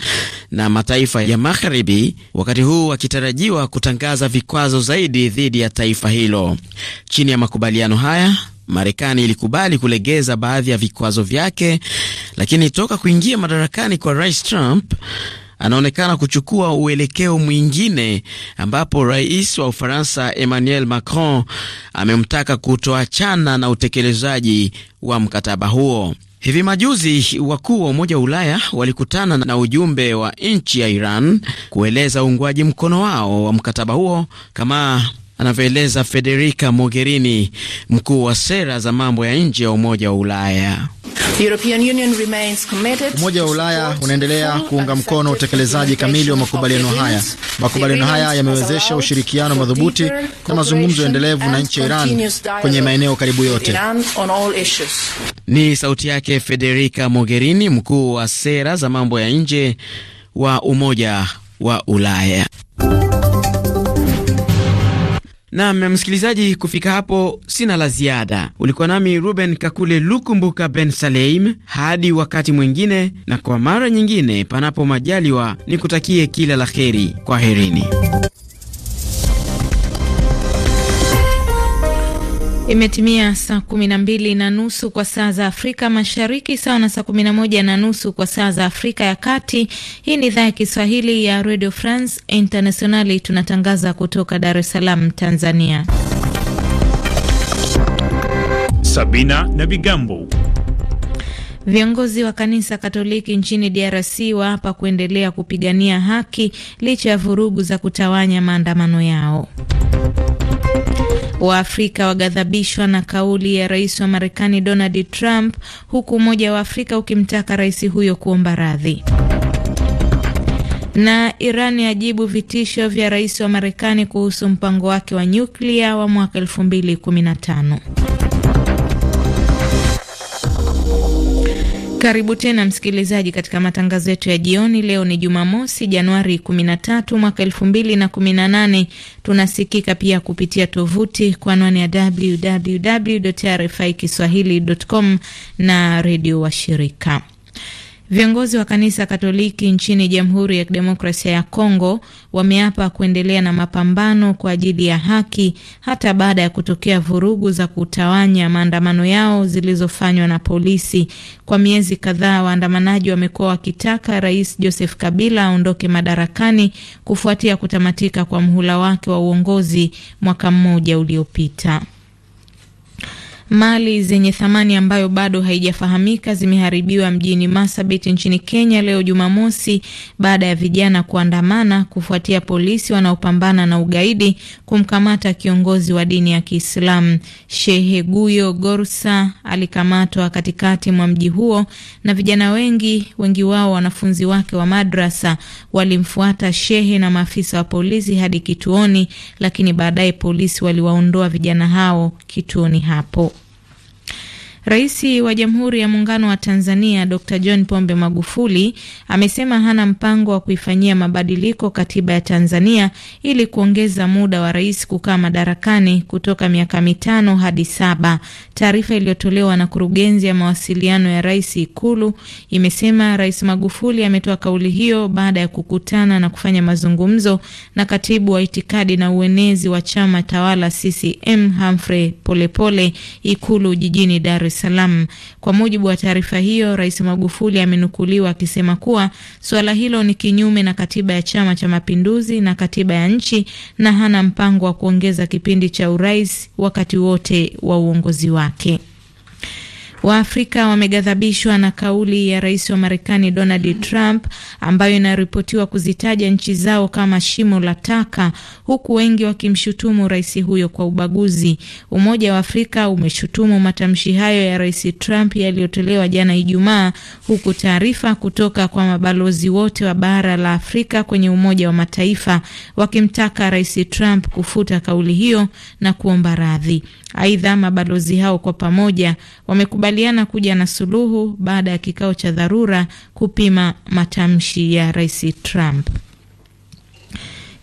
na mataifa ya Magharibi, wakati huu wakitarajiwa kutangaza vikwazo zaidi dhidi ya taifa hilo. Chini ya makubaliano haya Marekani ilikubali kulegeza baadhi ya vikwazo vyake, lakini toka kuingia madarakani kwa Rais Trump anaonekana kuchukua uelekeo mwingine ambapo rais wa Ufaransa Emmanuel Macron amemtaka kutoachana na utekelezaji wa mkataba huo. Hivi majuzi wakuu wa Umoja wa Ulaya walikutana na ujumbe wa nchi ya Iran kueleza uungwaji mkono wao wa mkataba huo kama anavyoeleza Federica Mogherini, mkuu wa sera za mambo ya nje ya Umoja wa Ulaya. Umoja wa Ulaya unaendelea kuunga mkono utekelezaji kamili wa makubaliano haya. Makubaliano haya yamewezesha ushirikiano madhubuti na mazungumzo endelevu na nchi ya Iran kwenye maeneo karibu yote. Ni sauti yake Federica Mogherini, mkuu wa sera za mambo ya nje wa Umoja wa Ulaya. Nam msikilizaji, kufika hapo sina la ziada. Ulikuwa nami Ruben Kakule Lukumbuka Ben Saleim, hadi wakati mwingine, na kwa mara nyingine, panapo majaliwa, nikutakie kila la heri. herini Imetimia saa kumi na mbili na nusu kwa saa za Afrika Mashariki, sawa na saa kumi na moja na nusu kwa saa za Afrika ya Kati. Hii ni idhaa ya Kiswahili ya Radio France Internationali, tunatangaza kutoka Dar es Salaam, Tanzania. Sabina na Vigambo. Viongozi wa kanisa Katoliki nchini DRC waapa kuendelea kupigania haki licha ya vurugu za kutawanya maandamano yao wa Afrika waghadhabishwa na kauli ya rais wa Marekani Donald Trump, huku Umoja wa Afrika ukimtaka rais huyo kuomba radhi. Na Iran yajibu vitisho vya rais wa Marekani kuhusu mpango wake wa nyuklia wa mwaka 215 Karibu tena msikilizaji, katika matangazo yetu ya jioni. Leo ni Jumamosi, Januari 13 mwaka 2018. Tunasikika pia kupitia tovuti kwa anwani ya www RFI kiswahili.com na redio wa shirika Viongozi wa kanisa Katoliki nchini Jamhuri ya Kidemokrasia ya Kongo wameapa kuendelea na mapambano kwa ajili ya haki hata baada ya kutokea vurugu za kutawanya maandamano yao zilizofanywa na polisi. Kwa miezi kadhaa, waandamanaji wamekuwa wakitaka Rais Joseph Kabila aondoke madarakani kufuatia kutamatika kwa mhula wake wa uongozi mwaka mmoja uliopita. Mali zenye thamani ambayo bado haijafahamika zimeharibiwa mjini Masabit nchini Kenya leo Jumamosi baada ya vijana kuandamana kufuatia polisi wanaopambana na ugaidi kumkamata kiongozi wa dini ya Kiislamu. Shehe Guyo Gorsa alikamatwa katikati mwa mji huo na vijana wengi, wengi wao wanafunzi wake wa madrasa, walimfuata shehe na maafisa wa polisi hadi kituoni, lakini baadaye polisi waliwaondoa vijana hao kituoni hapo. Rais wa Jamhuri ya Muungano wa Tanzania Dr. John Pombe Magufuli amesema hana mpango wa kuifanyia mabadiliko katiba ya Tanzania ili kuongeza muda wa rais kukaa madarakani kutoka miaka mitano hadi saba. Taarifa iliyotolewa na kurugenzi ya mawasiliano ya rais Ikulu imesema Rais Magufuli ametoa kauli hiyo baada ya kukutana na kufanya mazungumzo na katibu wa itikadi na uenezi wa chama tawala CCM Humphrey Polepole Ikulu jijini Dar es Salaam. Kwa mujibu wa taarifa hiyo, Rais Magufuli amenukuliwa akisema kuwa suala hilo ni kinyume na katiba ya Chama cha Mapinduzi na katiba ya nchi na hana mpango wa kuongeza kipindi cha urais wakati wote wa uongozi wake. Waafrika wameghadhabishwa na kauli ya rais wa Marekani Donald Trump ambayo inaripotiwa kuzitaja nchi zao kama shimo la taka, huku wengi wakimshutumu rais huyo kwa ubaguzi. Umoja wa Afrika umeshutumu matamshi hayo ya rais Trump yaliyotolewa jana Ijumaa, huku taarifa kutoka kwa mabalozi wote wa bara la Afrika kwenye Umoja wa Mataifa wakimtaka rais Trump kufuta kauli hiyo na kuomba radhi. Aidha, mabalozi hao kwa pamoja wamekubali wamekubaliana kuja na suluhu baada ya kikao cha dharura kupima matamshi ya Rais Trump.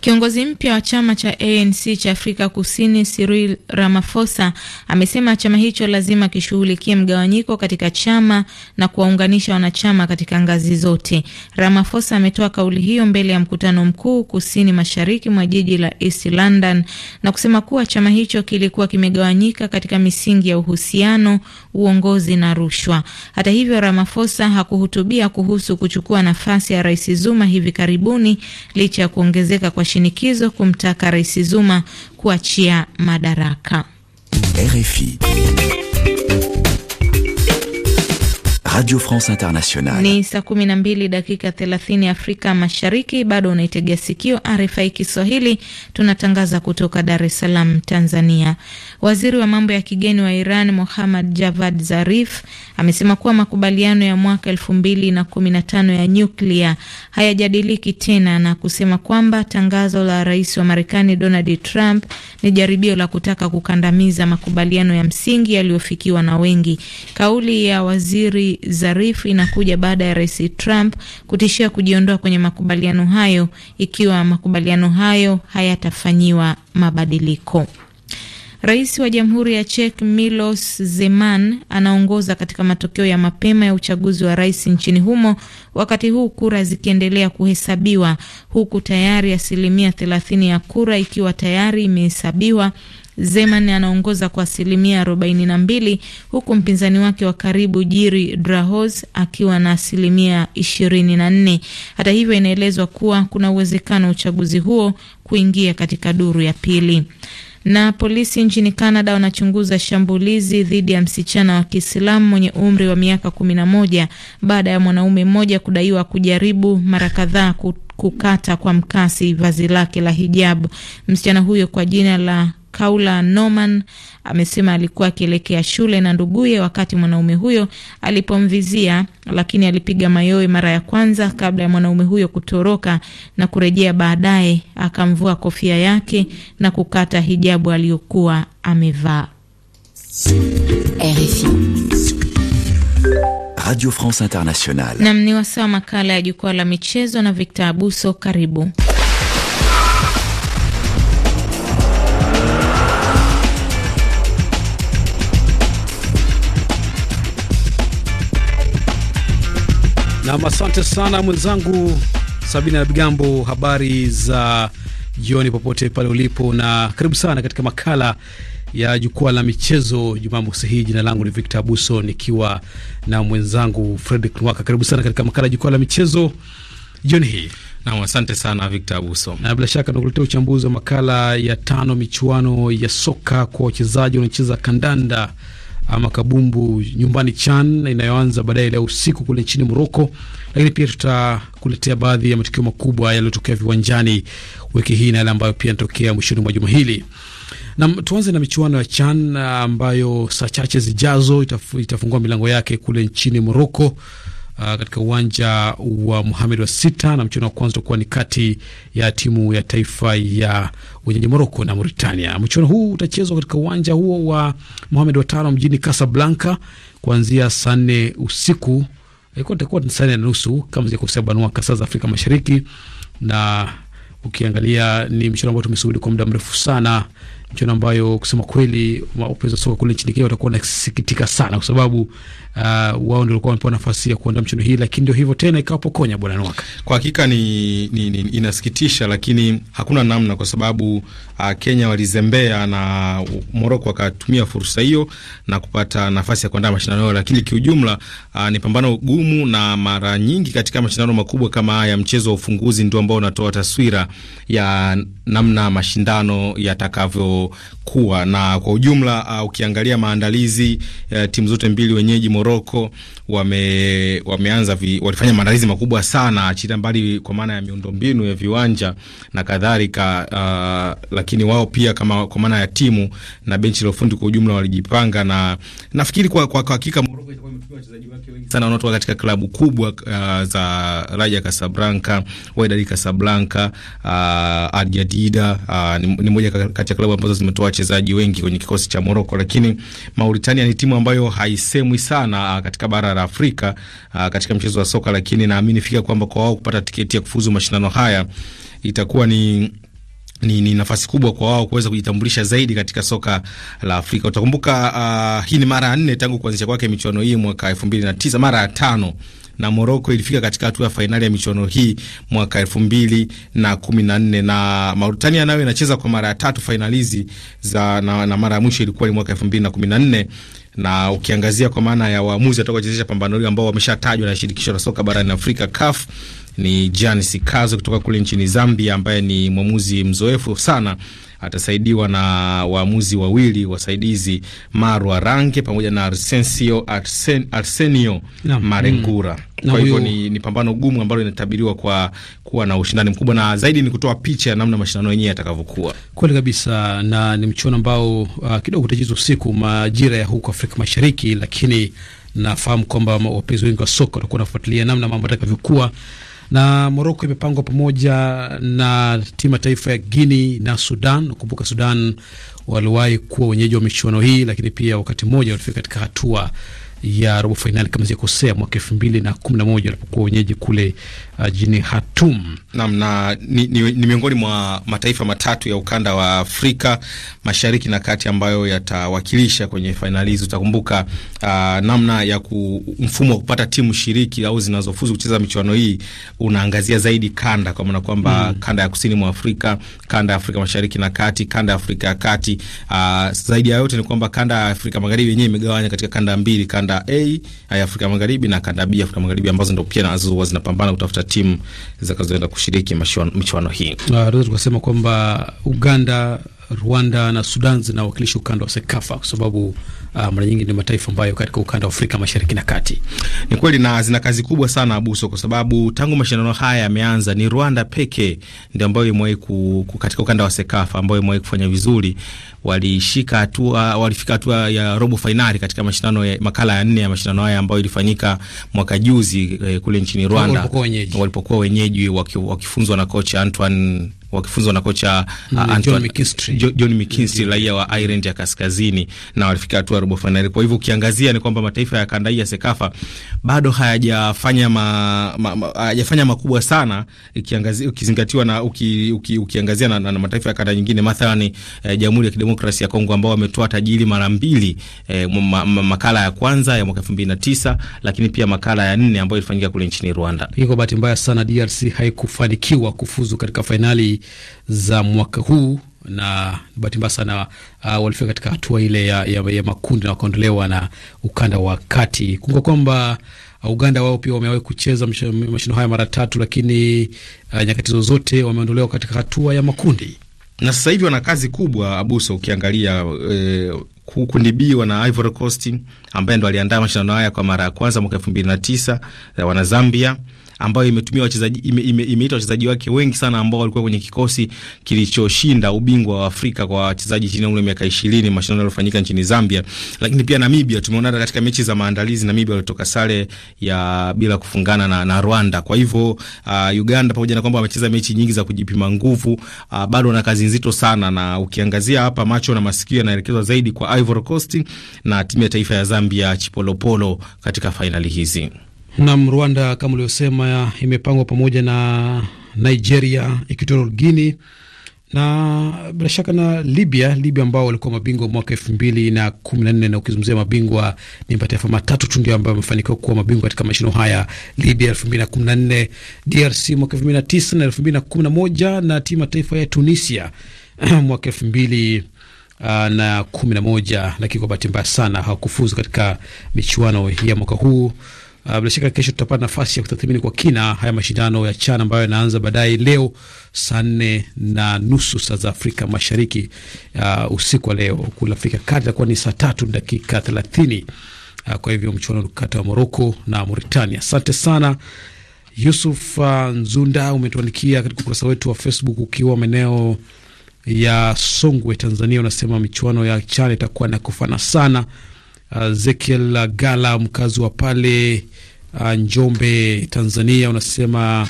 Kiongozi mpya wa chama cha ANC cha Afrika Kusini Cyril Ramaphosa amesema chama hicho lazima kishughulikie mgawanyiko katika chama na kuwaunganisha wanachama katika ngazi zote. Ramaphosa ametoa kauli hiyo mbele ya mkutano mkuu kusini mashariki mwa jiji la East London na kusema kuwa chama hicho kilikuwa kimegawanyika katika misingi ya uhusiano, uongozi na rushwa. Hata hivyo, Ramaphosa hakuhutubia kuhusu kuchukua nafasi ya Rais Zuma hivi karibuni licha ya kuongezeka kwa shinikizo kumtaka Rais Zuma kuachia madaraka. RFI. Radio France Internationale. Ni saa 12 dakika 30 Afrika Mashariki, bado unaitegea sikio RFI Kiswahili, tunatangaza kutoka Dar es Salaam, Tanzania. Waziri wa mambo ya kigeni wa Iran Mohammad Javad Zarif amesema kuwa makubaliano ya mwaka 2015 ya nyuklia hayajadiliki tena na kusema kwamba tangazo la rais wa Marekani Donald Trump ni jaribio la kutaka kukandamiza makubaliano ya msingi yaliyofikiwa na wengi. Kauli ya waziri Zarif inakuja baada ya Rais Trump kutishia kujiondoa kwenye makubaliano hayo ikiwa makubaliano hayo hayatafanyiwa mabadiliko. Rais wa Jamhuri ya Czech Milos Zeman anaongoza katika matokeo ya mapema ya uchaguzi wa rais nchini humo, wakati huu kura zikiendelea kuhesabiwa, huku tayari asilimia thelathini ya kura ikiwa tayari imehesabiwa Zeman anaongoza kwa asilimia 42 huku mpinzani wake wa karibu Jiri Drahos akiwa na asilimia 24. Hata hivyo, inaelezwa kuwa kuna uwezekano wa uchaguzi huo kuingia katika duru ya pili. Na polisi nchini Canada wanachunguza shambulizi dhidi ya msichana wa Kiislamu mwenye umri wa miaka moja baada ya mwanaume mmoja kudaiwa kujaribu mara kadhaa kukata kwa mkasi vazi lake la hijabu. Msichana huyo kwa jina la Kaula Norman amesema alikuwa akielekea shule na nduguye wakati mwanaume huyo alipomvizia, lakini alipiga mayowe mara ya kwanza kabla ya mwanaume huyo kutoroka na kurejea baadaye, akamvua kofia yake na kukata hijabu aliyokuwa amevaa. Radio France Internationale. Nam ni wasaa makala ya jukwaa la michezo na Victor Abuso, karibu. Nam, asante sana mwenzangu Sabina na Bigambo. Habari za jioni popote pale ulipo, na karibu sana katika makala ya jukwaa la michezo Jumamosi hii. Jina langu ni Victor Abuso nikiwa na mwenzangu Fredrick Nwaka. Karibu sana katika makala ya jukwaa la michezo jioni hii. Nam, asante sana Victor Abuso, na bila shaka nakuletea uchambuzi wa makala ya tano, michuano ya soka kwa wachezaji wanaocheza kandanda makabumbu nyumbani Chan inayoanza baadaye leo usiku kule nchini Moroko. Lakini pia tutakuletea baadhi ya matukio makubwa yaliyotokea viwanjani wiki hii na yale ambayo pia yanatokea mwishoni mwa juma hili. Na tuanze na michuano ya Chan ambayo saa chache zijazo itafungua milango yake kule nchini Moroko uh, katika uwanja wa muhamed wa sita, na mchuano wa kwanza utakuwa ni kati ya timu ya taifa ya wenyeji Moroko na Mauritania. Mchuano huu utachezwa katika uwanja huo wa Muhamed wa tano mjini Casablanca kuanzia saa nne usiku itakuwa ni saa nne na nusu kama banua kasa za Afrika Mashariki, na ukiangalia ni mchuano ambao tumesubiri kwa muda mrefu sana michuano ambayo kusema kweli wapenzi wa soka kule nchini Kenya watakuwa wanasikitika sana, kwa sababu uh, wao ndio walikuwa wamepewa nafasi ya kuandaa michuano hii, lakini ndio hivyo tena, ikawapokonya bwana Nwaka. Kwa hakika ni, ni, ni inasikitisha, lakini hakuna namna, kwa sababu uh, Kenya walizembea na Moroko wakatumia fursa hiyo na kupata nafasi ya kuandaa mashindano hayo, lakini kiujumla, uh, ni pambano gumu, na mara nyingi katika mashindano makubwa kama haya, mchezo wa ufunguzi ndio ambao unatoa taswira ya namna mashindano yatakavyo kuwa Na kwa ujumla uh, ukiangalia maandalizi uh, timu zote mbili wenyeji Moroko wame, wameanza vi, walifanya maandalizi makubwa sana, achilia mbali kwa maana ya miundombinu ya viwanja na kadhalika uh, lakini wao pia kama kwa maana ya timu na benchi la ufundi kwa ujumla walijipanga, na nafikiri kwa kwa hakika Moroko wachezaji wake wengi sana wanaotoka katika klabu kubwa uh, za Raja Casablanca, Wydad Casablanca, uh, Al uh, ni, ni moja kati ya klabu ambazo zimetoa wachezaji wengi kwenye kikosi cha Morocco, lakini Mauritania ni timu ambayo haisemwi sana uh, katika bara la Afrika uh, katika mchezo wa soka, lakini naamini fika kwamba kwa wao kupata tiketi ya kufuzu mashindano haya itakuwa ni ni, ni nafasi kubwa kwa wao kuweza kujitambulisha zaidi katika soka la Afrika. Utakumbuka uh, hii ni mara ya nne tangu kuanzisha kwake michuano hii mwaka elfu mbili na tisa mara ya tano na Morocco ilifika katika hatua ya fainali ya michuano hii mwaka elfu mbili na kumi na nne na Mauritania nayo inacheza kwa mara ya tatu fainali hizi za na, na mara ya mwisho ilikuwa ni mwaka elfu mbili na kumi na nne na ukiangazia kwa maana ya waamuzi watakaochezesha pambano hili ambao wameshatajwa na shirikisho la soka barani Afrika CAF ni Janis Kazo kutoka kule nchini Zambia, ambaye ni mwamuzi mzoefu sana. Atasaidiwa na waamuzi wawili wasaidizi, Marwa Range pamoja na Arsenio, Arsen, Arsenio na, Marengura mm. Kwa hivyo ni, ni pambano gumu ambalo linatabiriwa kwa kuwa na ushindani mkubwa na zaidi ni kutoa picha ya namna mashindano yenyewe yatakavyokuwa. Kweli kabisa, na ni mchuano ambao uh, kidogo utachezwa usiku majira ya huko Afrika Mashariki, lakini nafahamu kwamba wapenzi wengi wa soka watakuwa wanafuatilia namna mambo atakavyokuwa na Moroko imepangwa pamoja na timu ya taifa ya Guini na Sudan. Nakumbuka Sudan waliwahi kuwa wenyeji wa michuano hii, lakini pia wakati mmoja walifika katika hatua ya robo fainali kama zikosea mwaka elfu mbili na kumi na moja walipokuwa wenyeji kule uh, jini Hatum. Nam na ni, ni, ni miongoni mwa mataifa matatu ya ukanda wa Afrika Mashariki na Kati ambayo yatawakilisha kwenye fainali hizi. Utakumbuka uh, namna ya ku, mfumo wa kupata timu shiriki au zinazofuzu kucheza michuano hii unaangazia zaidi kanda, kwa maana kwamba mm, kanda ya kusini mwa Afrika, kanda ya Afrika Mashariki na Kati, kanda ya Afrika ya Kati. Uh, zaidi ya yote ni kwamba kanda ya Afrika Magharibi yenyewe imegawanya katika kanda mbili, kanda A ya Afrika Magharibi na kanda B ya Afrika Magharibi ambazo ndio pia nazo zinapambana kutafuta timu zitakazoenda kushiriki michuano hii. Ah, tunaweza tukasema kwamba Uganda, Rwanda na Sudan zinawakilisha ukanda wa SEKAFA kwa sababu uh, mara nyingi ni mataifa ambayo katika ukanda wa Afrika Mashariki na Kati. Ni kweli na zina kazi kubwa sana Abuso, kwa sababu tangu mashindano haya yameanza ni Rwanda pekee ndio ambayo imewahi katika ukanda wa Sekafa ambayo imewahi kufanya vizuri. Walishika hatua, walifika hatua ya robo fainali katika mashindano ya makala ya nne ya mashindano haya ambayo ilifanyika mwaka juzi eh, kule nchini Rwanda walipokuwa wenyeji wakifunzwa na kocha Antoine wakifunzwa na kocha uh, Antoine John McKinstry raia wa Ireland ya kaskazini na walifika hatua robo fainali. Kwa hivyo ukiangazia ni kwamba mataifa ya kandai ya Sekafa bado hayajafanya ma, ma, ma, hayajafanya makubwa sana ikiangazia ukizingatiwa na uki, uki, ukiangazia na, na, na mataifa ya kanda nyingine mathalan eh, Jamhuri ya Kidemokrasia ya Kongo ambao wametoa tajiri mara mbili eh, ma, ma, makala ya kwanza ya mwaka tisa lakini pia makala ya nne ambayo ilifanyika kule nchini Rwanda. Iko bahati mbaya sana DRC haikufanikiwa kufuzu katika fainali za mwaka huu na bahati mbaya sana uh, walifika katika hatua ile ya, ya, ya makundi na wakaondolewa na ukanda wa kati. Kumbuka kwamba uh, Uganda wao pia wamewahi kucheza mashindano haya mara tatu, lakini uh, nyakati zozote wameondolewa katika hatua ya makundi, na sasa hivi wana kazi kubwa abuso. Ukiangalia eh, kundi B wana Ivory Coast ambaye ndo aliandaa mashindano haya kwa mara ya kwanza mwaka elfu mbili na tisa, eh, wana Zambia ambayo imetumia wachezaji ime, ime, imeita wachezaji wake wengi sana ambao walikuwa kwenye kikosi kilichoshinda ubingwa wa Afrika kwa wachezaji chini ya umri wa miaka 20, mashindano yaliyofanyika nchini Zambia. Lakini pia Namibia tumeona katika mechi za maandalizi Namibia walitoka sare ya bila kufungana na, na Rwanda. Kwa hivyo uh, Uganda pamoja na kwamba wamecheza mechi nyingi za kujipima nguvu uh, bado wana kazi nzito sana, na ukiangazia hapa macho na masikio yanaelekezwa zaidi kwa Ivory Coast na timu ya taifa ya Zambia Chipolopolo katika fainali hizi. Nam Rwanda kama ulivyosema imepangwa pamoja na Nigeria, Equatorial Guinea na bila shaka na Libya. Libya ambao walikuwa mabingwa mwaka elfu mbili na kumi na nne na ukizungumzia mabingwa ni mataifa matatu tu ndio ambayo amefanikiwa kuwa mabingwa katika mashindano haya: Libya elfu mbili na kumi na nne DRC mwaka elfu mbili na tisa na elfu mbili na kumi na moja na timu ya taifa ya Tunisia mwaka elfu mbili uh, na kumi na moja lakini kwa bahati mbaya sana hawakufuzu katika michuano ya mwaka huu. Uh, bila shaka kesho tutapata nafasi ya kutathmini kwa kina haya mashindano ya CHAN ambayo yanaanza baadaye leo saa nne na nusu saa za Afrika Mashariki, uh, usiku wa leo. Kule Afrika Kati itakuwa ni saa tatu dakika thelathini. Uh, kwa hivyo mchuano kati wa Moroko na Mauritania. Asante sana Yusuf uh, Nzunda, umetuandikia katika ukurasa wetu wa Facebook ukiwa maeneo ya Songwe, Tanzania. Unasema michuano ya CHAN itakuwa na kufana sana uh, Zekiel Gala, mkazi wa pale uh, Njombe, Tanzania, unasema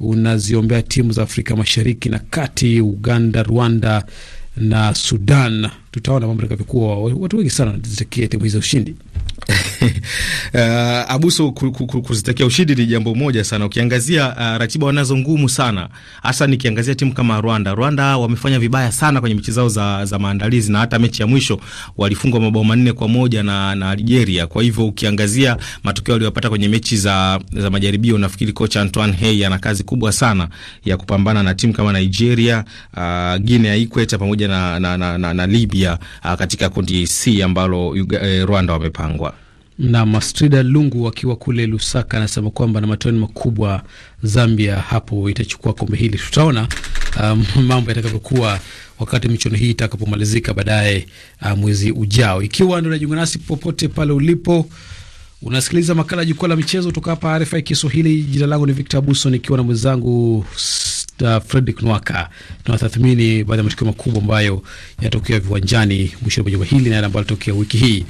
unaziombea timu za Afrika Mashariki na Kati, Uganda, Rwanda na Sudan. Tutaona mambo takavyokuwa, watu wengi sana wanazitakia timu hizo ushindi. Uh, Abuso, kuzitakia ushindi ni jambo moja sana. Ukiangazia uh, ratiba wanazo ngumu sana, hasa nikiangazia timu kama Rwanda. Rwanda wamefanya vibaya sana kwenye mechi zao za, za maandalizi na hata mechi ya mwisho walifungwa mabao manne kwa moja na, na Algeria. Kwa hivyo ukiangazia matokeo waliyopata kwenye mechi za, za majaribio, nafikiri kocha Antoine Hey ana kazi kubwa sana ya kupambana na timu kama Nigeria, uh, Guinea ya Ikweta pamoja na, na, na, na, na Libya uh, katika kundi C ambalo uh, Rwanda wamepangwa. Na Mastrida Lungu akiwa kule Lusaka anasema kwamba na matumaini makubwa Zambia hapo itachukua kombe hili. Tutaona um, mambo yatakavyokuwa wakati michuano hii itakapomalizika baadaye uh, mwezi ujao. Ikiwa ndio unajiunga nasi popote pale ulipo, unasikiliza makala ya Jukwaa la Michezo kutoka hapa RFI Kiswahili. Jina langu ni Victor Abuso nikiwa na mwenzangu uh, Fredrick Nwaka, tunatathmini baadhi ya matukio makubwa ambayo yanatokea viwanjani mwishoni mwa juma hili na yale ambayo yanatokea wiki hii.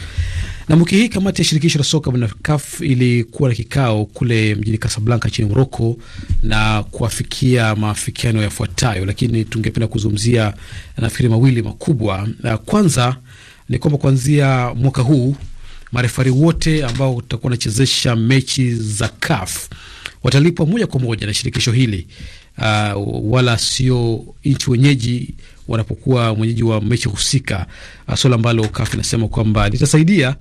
Na wiki hii kamati ya shirikisho la soka na CAF ilikuwa na kikao kule mjini Casablanca nchini Morocco na kuafikia maafikiano yafuatayo, lakini tungependa kuzungumzia nafikiri mawili makubwa. Na Kwanza ni kwamba kuanzia mwaka huu marefari wote ambao watakuwa wanachezesha mechi za CAF watalipwa moja kwa moja na shirikisho hili uh, wala sio nchi wenyeji wanapokuwa mwenyeji wa mechi husika, uh, swala ambalo CAF inasema kwamba litasaidia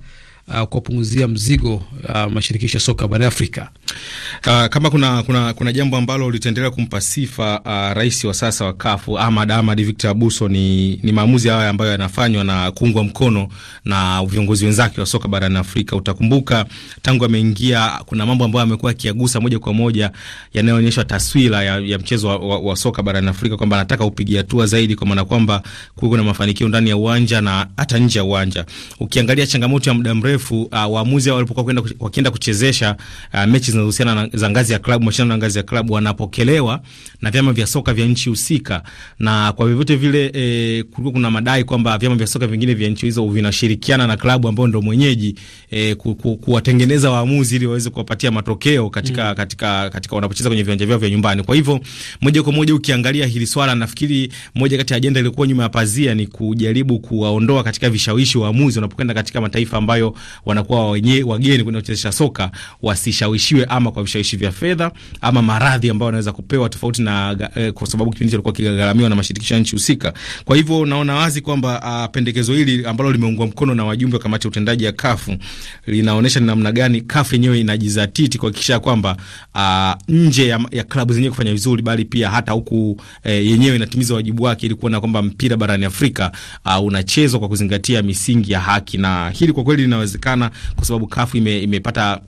uh, kuwapunguzia mzigo uh, mashirikisho ya soka barani Afrika. Uh, kama kuna, kuna, kuna jambo ambalo litaendelea kumpa sifa uh, rais wa sasa wa kafu Ahmad Ahmad Victor Abuso ni, ni maamuzi haya ambayo yanafanywa na kuungwa mkono na viongozi wenzake wa soka barani Afrika. Utakumbuka tangu ameingia kuna mambo ambayo amekuwa akiagusa moja kwa moja yanayoonyeshwa taswira ya, ya mchezo wa, wa, wa soka barani Afrika kwamba anataka upige hatua zaidi, kwa maana kwamba kuwe kuna mafanikio ndani ya uwanja na hata nje ya uwanja. Ukiangalia changamoto ya muda mrefu mrefu uh, waamuzi hao walipokuwa kwenda wakienda kuchezesha uh, mechi zinazohusiana na za ngazi ya klabu, mashindano ya ngazi ya klabu, wanapokelewa na vyama vya soka vya nchi husika, na kwa vyovyote vile eh, kulikuwa kuna madai kwamba vyama vya soka vingine vya nchi hizo vinashirikiana na klabu ambayo ndio mwenyeji eh, ku, ku, kuwatengeneza waamuzi ili waweze kuwapatia matokeo katika, mm. katika, katika wanapocheza kwenye viwanja vyao vya nyumbani. Kwa hivyo moja kwa moja ukiangalia hili swala, nafikiri moja kati ya ajenda iliyokuwa nyuma ya pazia ni kujaribu kuwaondoa katika vishawishi waamuzi wanapokwenda katika mataifa ambayo wanakuwa wenyewe wageni kwenda kuchezesha soka wasishawishiwe ama kwa vishawishi vya fedha ama maradhi ambayo wanaweza kupewa tofauti na eh, kwa sababu kipindi hicho kilikuwa kigharamiwa na mashirikisho ya nchi husika. Kwa hivyo naona wazi kwamba uh, pendekezo hili ambalo limeungwa mkono na wajumbe wa kamati ya utendaji ya kafu linaonyesha ni namna gani kafu yenyewe inajizatiti kuhakikisha kwamba uh, nje ya, ya klabu zenyewe kufanya vizuri, bali pia hata huku eh, yenyewe inatimiza wajibu wake ili kuona kwamba mpira barani Afrika uh, unachezwa kwa kuzingatia misingi ya haki, na hili kwa kweli linaweza kukosekana kwa sababu kafu ime, imepata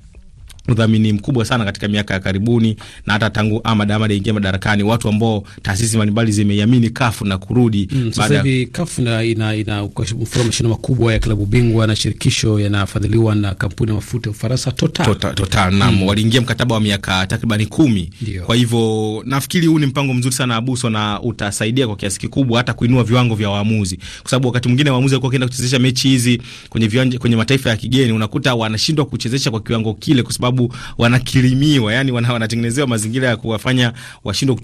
udhamini mkubwa sana katika miaka ya karibuni na hata tangu Ahmad Ahmad aingia madarakani, watu ambao taasisi mbalimbali zimeiamini kafu na kurudi mm, sasa hivi kafu na ina, ina mfano mashindano makubwa ya klabu bingwa na shirikisho yanafadhiliwa na kampuni ya mafuta ya Ufaransa Total. Total, Total naam mm. Waliingia mkataba wa miaka takribani kumi. Dio. Kwa hivyo nafikiri huu ni mpango mzuri sana Abuso, na utasaidia kwa kiasi kikubwa hata kuinua viwango vya waamuzi, kwa sababu wakati mwingine waamuzi walikuwa wakienda kuchezesha mechi hizi kwenye viwanja, kwenye mataifa ya kigeni, unakuta wanashindwa kuchezesha kwa kiwango kile kwa sababu sababu wanakilimiwa, yani wana, wanatengenezewa mazingira ya kuwafanya washindwe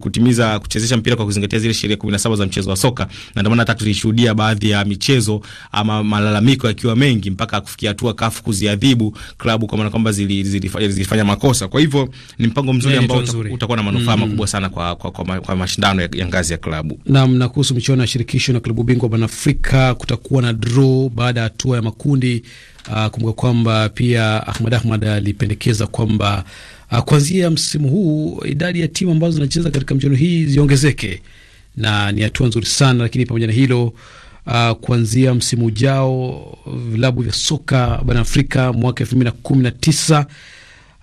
kutimiza kuchezesha mpira kwa kuzingatia zile sheria 17 za mchezo wa soka, na ndio maana hata tulishuhudia baadhi ya michezo ama malalamiko yakiwa mengi mpaka kufikia hatua kafu kuziadhibu klabu kwa maana kwamba zilifanya makosa. Kwa hivyo ni mpango mzuri ambao utakuwa na manufaa mm-hmm. makubwa sana kwa, kwa, kwa, kwa mashindano ya, ya ngazi ya klabu. Naam, na kuhusu michuano ya shirikisho na klabu bingwa barani Afrika kutakuwa na draw baada ya hatua ya makundi Uh, kumbuka kwamba pia Ahmad Ahmad alipendekeza kwamba uh, kuanzia msimu huu idadi ya timu ambazo zinacheza katika mchezo hii ziongezeke, na ni hatua nzuri sana, lakini pamoja na hilo uh, kuanzia msimu ujao vilabu vya soka barani Afrika mwaka elfu mbili na kumi na tisa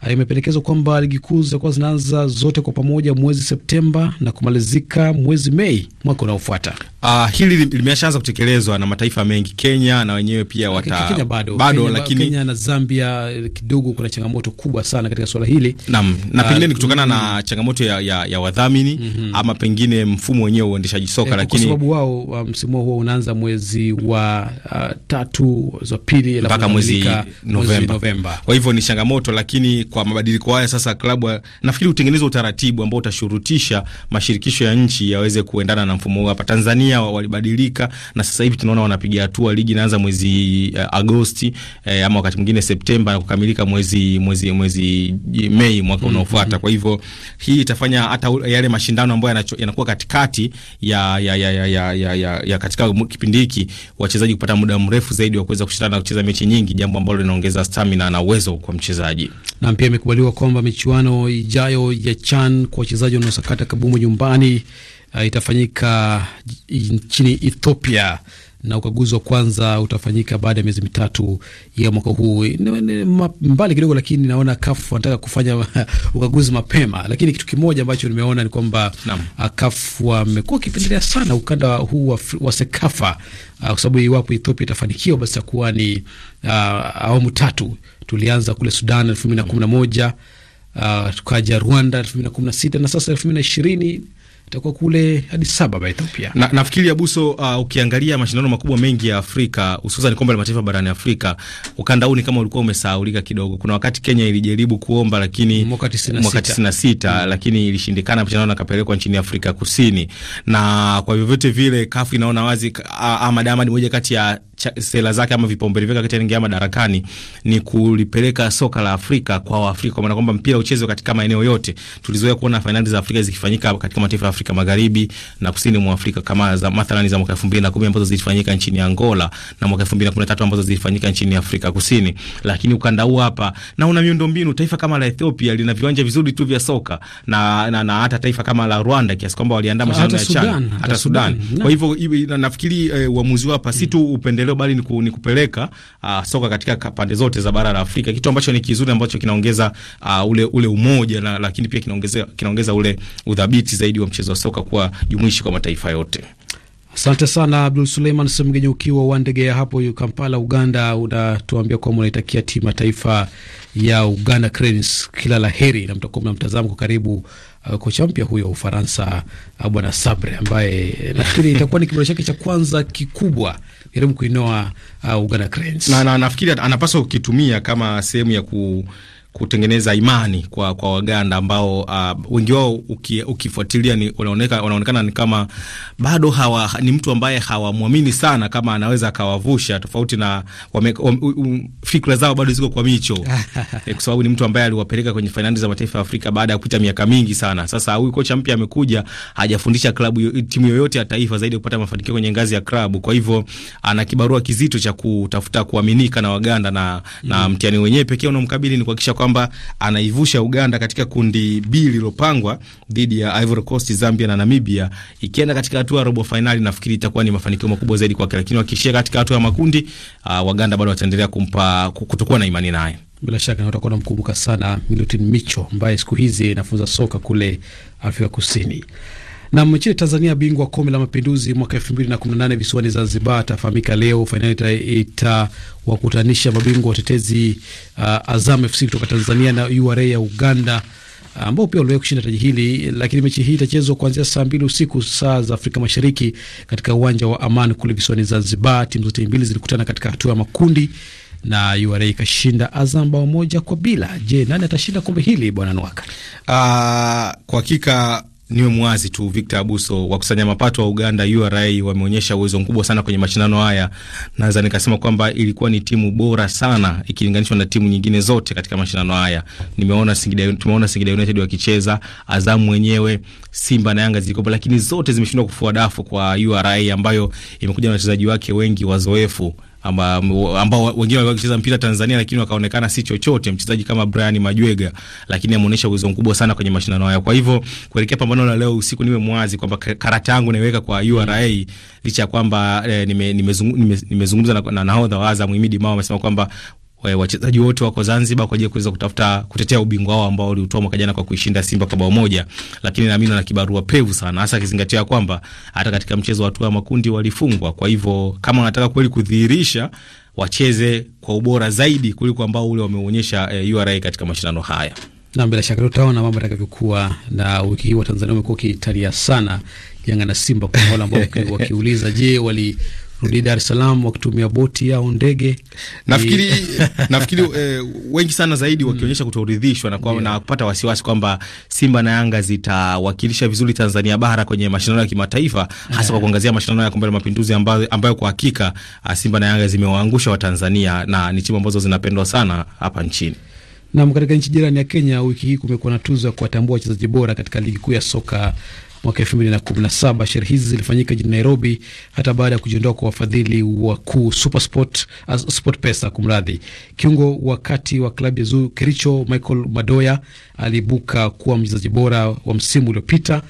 Ah, imependekezwa kwamba ligi kuu zitakuwa zinaanza zote kwa pamoja mwezi Septemba na kumalizika mwezi Mei mwaka unaofuata. Uh, hili limeshaanza kutekelezwa na mataifa mengi. Kenya na wenyewe pia wata... Kenya bado, bado Kenya, lakini... Kenya na Zambia eh, kidogo kuna changamoto kubwa sana katika swala hili nam na, na ah, pengine ni kutokana na mm-hmm. changamoto ya, ya, ya wadhamini mm -hmm, ama pengine mfumo wenyewe wa uendeshaji soka e, lakini... kwa sababu wao msimu huo unaanza mwezi wa uh, tatu za pili mpaka mwezi Novemba. Novemba, kwa hivyo ni changamoto lakini kwa mabadiliko haya sasa, klabu nafikiri utengeneze utaratibu ambao utashurutisha mashirikisho ya nchi yaweze kuendana na mfumo huu. Hapa Tanzania walibadilika, na sasa hivi tunaona wanapiga hatua. Ligi inaanza mwezi uh, Agosti eh, ama wakati mwingine Septemba na kukamilika mwezi mwezi mwezi Mei mwaka mm-hmm. unaofuata. mm -hmm. Kwa hivyo hii itafanya hata yale mashindano ambayo yanakuwa katikati ya ya ya ya ya, ya, ya, ya katika kipindi hiki wachezaji kupata muda mrefu zaidi wa kuweza kushindana na kucheza mechi nyingi, jambo ambalo linaongeza stamina na uwezo kwa mchezaji na pia imekubaliwa kwamba michuano ijayo ya CHAN kwa wachezaji wanaosakata kabumu nyumbani uh, itafanyika nchini Ethiopia na ukaguzi wa kwanza utafanyika baada ya miezi mitatu ya mwaka huu. Mbali kidogo, lakini naona CAF wanataka kufanya ukaguzi mapema, lakini kitu kimoja ambacho nimeona ni kwamba uh, CAF wamekuwa wakipendelea sana ukanda huu wa, wa SEKAFA uh, kwa sababu iwapo Ethiopia itafanikiwa basi itakuwa ni uh, awamu tatu tulianza kule Sudan elfu mbili na kumi na moja uh, tukaja Rwanda elfu mbili na kumi na sita na sasa elfu mbili na ishirini itakuwa kule Addis Ababa Ethiopia. Na, nafikiri Abuso, uh, ukiangalia mashindano makubwa mengi ya Afrika hususan kombe la mataifa barani Afrika, ukanda huu ni kama ulikuwa umesahaulika kidogo. Kuna wakati Kenya ilijaribu kuomba lakini mwaka 96 mm, lakini ilishindikana, mashindano yakapelekwa nchini Afrika Kusini, na kwa vyovyote vile kafu inaona wazi uh, Ahmad Ahmad moja kati ya sera zake ama vipaumbele vyake wakati anaingia madarakani ni kulipeleka soka la Afrika kwa Waafrika, kwa maana kwamba mpira uchezwe katika maeneo yote. Tulizoea kuona fainali za Afrika zikifanyika katika mataifa ya Afrika Magharibi na kusini mwa Afrika, kama za mathalani za mwaka 2010 ambazo zilifanyika nchini Angola na mwaka 2013 ambazo zilifanyika nchini Afrika Kusini. Lakini ukanda huu hapa na una miundombinu, taifa kama la Ethiopia lina viwanja vizuri tu vya soka na na, na hata taifa kama la Rwanda kiasi kwamba waliandaa mashindano ya CHAN hata Sudan. Kwa hivyo nafikiri eh, uamuzi wa hapa si mm. tu upendeleo maendeleo, bali ni, ku, ni kupeleka uh, soka katika pande zote za bara la Afrika, kitu ambacho ni kizuri ambacho kinaongeza uh, ule ule umoja na, lakini pia kinaongeza kinaongeza ule udhabiti zaidi wa mchezo wa soka kwa jumuishi kwa mataifa yote. Asante sana Abdul Suleiman Semgenye, ukiwa wa ndege ya hapo Kampala, Uganda, unatuambia kwamba unaitakia timu ya taifa ya Uganda Cranes kila la heri, na mtakuwa mnamtazama kwa karibu uh, kocha mpya huyo wa Ufaransa, uh, Bwana Sabre, ambaye eh, nafikiri itakuwa ni kibaro chake cha kwanza kikubwa jaribu kuinoa uh, Uganda Cranes na, na nafikiri anapaswa kukitumia kama sehemu ya ku kutengeneza imani kwa, kwa Waganda ambao uh, wengi wao uki, ukifuatilia ni wanaonekana ni kama bado hawa, ni mtu ambaye hawamwamini sana kama anaweza akawavusha, tofauti na wame, um, um, fikra zao bado ziko kwa micho e, kwa sababu ni mtu ambaye aliwapeleka kwenye fainali za mataifa ya Afrika baada ya kupita miaka mingi sana. Sasa huyu kocha mpya amekuja, hajafundisha klabu timu yoyote ya taifa zaidi ya kupata mafanikio kwenye ngazi ya klabu, kwa hivyo ana kibarua kizito cha kutafuta kuaminika na Waganda na, mm. na mm-hmm. mtihani wenyewe pekee unaomkabili ni kuhakikisha kwamba anaivusha Uganda katika kundi B lililopangwa dhidi ya Ivory Coast, Zambia na Namibia. Ikienda katika hatua ya robo fainali, nafikiri itakuwa ni mafanikio makubwa zaidi kwake, lakini wakiishia katika hatua ya makundi uh, Waganda bado wataendelea kumpa kutokuwa na imani naye. Bila shaka utakuwa namkumbuka sana Milutin Micho ambaye siku hizi anafunza soka kule Afrika Kusini. Nam nchini Tanzania, bingwa kombe la mapinduzi mwaka elfu mbili na kumi na nane visiwani Zanzibar atafahamika leo. Fainali itawakutanisha ita mabingwa watetezi uh, Azam FC kutoka Tanzania na URA ya Uganda ambao pia waliwahi kushinda taji hili, lakini mechi hii itachezwa kuanzia saa mbili usiku saa za Afrika Mashariki katika uwanja wa Amani kule visiwani Zanzibar. Timu zote mbili zilikutana katika hatua ya makundi na URA ikashinda Azam bao moja kwa bila. Je, nani atashinda kombe hili, bwana Nwaka? Uh, kwa hakika niwe mwazi tu, Victor Abuso, wakusanya mapato wa Uganda URA wameonyesha uwezo mkubwa sana kwenye mashindano haya. Naweza nikasema kwamba ilikuwa ni timu bora sana ikilinganishwa na timu nyingine zote katika mashindano haya. Nimeona Singida, tumeona Singida United wakicheza, Azamu wenyewe, Simba na Yanga zilikopo, lakini zote zimeshindwa kufua dafu kwa URA ambayo imekuja na wachezaji wake wengi wazoefu ambao wengine walikuwa wakicheza mpira Tanzania, lakini wakaonekana si chochote. Mchezaji kama Brian Majwega, lakini ameonyesha uwezo mkubwa sana kwenye mashindano haya. Kwa hivyo kuelekea pambano la leo usiku, niwe mwazi kwamba karata yangu naiweka kwa URA mm. licha ya kwamba eh, nimezungumza nime, nime, nime na nahodha wa Azam Himidi Mao amesema kwamba Eh, wachezaji wote wako Zanzibar kwa ajili ya kuweza kutafuta kutetea ubingwa wao ambao waliutoa mwaka jana kwa kuishinda Simba kwa bao moja, lakini naamini na kibarua pevu sana, hasa kizingatia kwamba hata katika mchezo wa hatua ya makundi walifungwa. Kwa hivyo kama wanataka kweli kudhihirisha wacheze kwa ubora zaidi kuliko ambao ule wameonyesha e, eh, URA katika mashindano haya. Na bila shaka tutaona mambo yatakavyokuwa, na wiki hii Watanzania wamekuwa wakitaria sana Yanga na Simba kwa wale ambao wakiuliza, je, wali rudi Dar es Salaam wakitumia boti au ndege. Nafikiri nafikiri eh, wengi sana zaidi wakionyesha kutoridhishwa na, kwa, yeah. na kupata wasiwasi kwamba Simba na Yanga zitawakilisha vizuri Tanzania bara kwenye mashindano ya kimataifa hasa yeah. kwa kuangazia mashindano ya kombe la mapinduzi ambayo, ambayo kwa hakika ah, Simba na Yanga zimewaangusha Watanzania na ni timu ambazo zinapendwa sana hapa nchini. Nam, katika nchi jirani ya Kenya wiki hii kumekuwa na tuzo ya kuwatambua wachezaji bora katika ligi kuu ya soka mwaka saba. Sherehe hizi zilifanyika jijini Nairobi hata baada ya kujiondoa kwa wafadhili wakuu Supersport, uh, SportPesa kumradhi. Kiungo wakati wa klabu ya Zoo Kericho Michael Madoya alibuka kuwa mchezaji bora wa msimu uliopita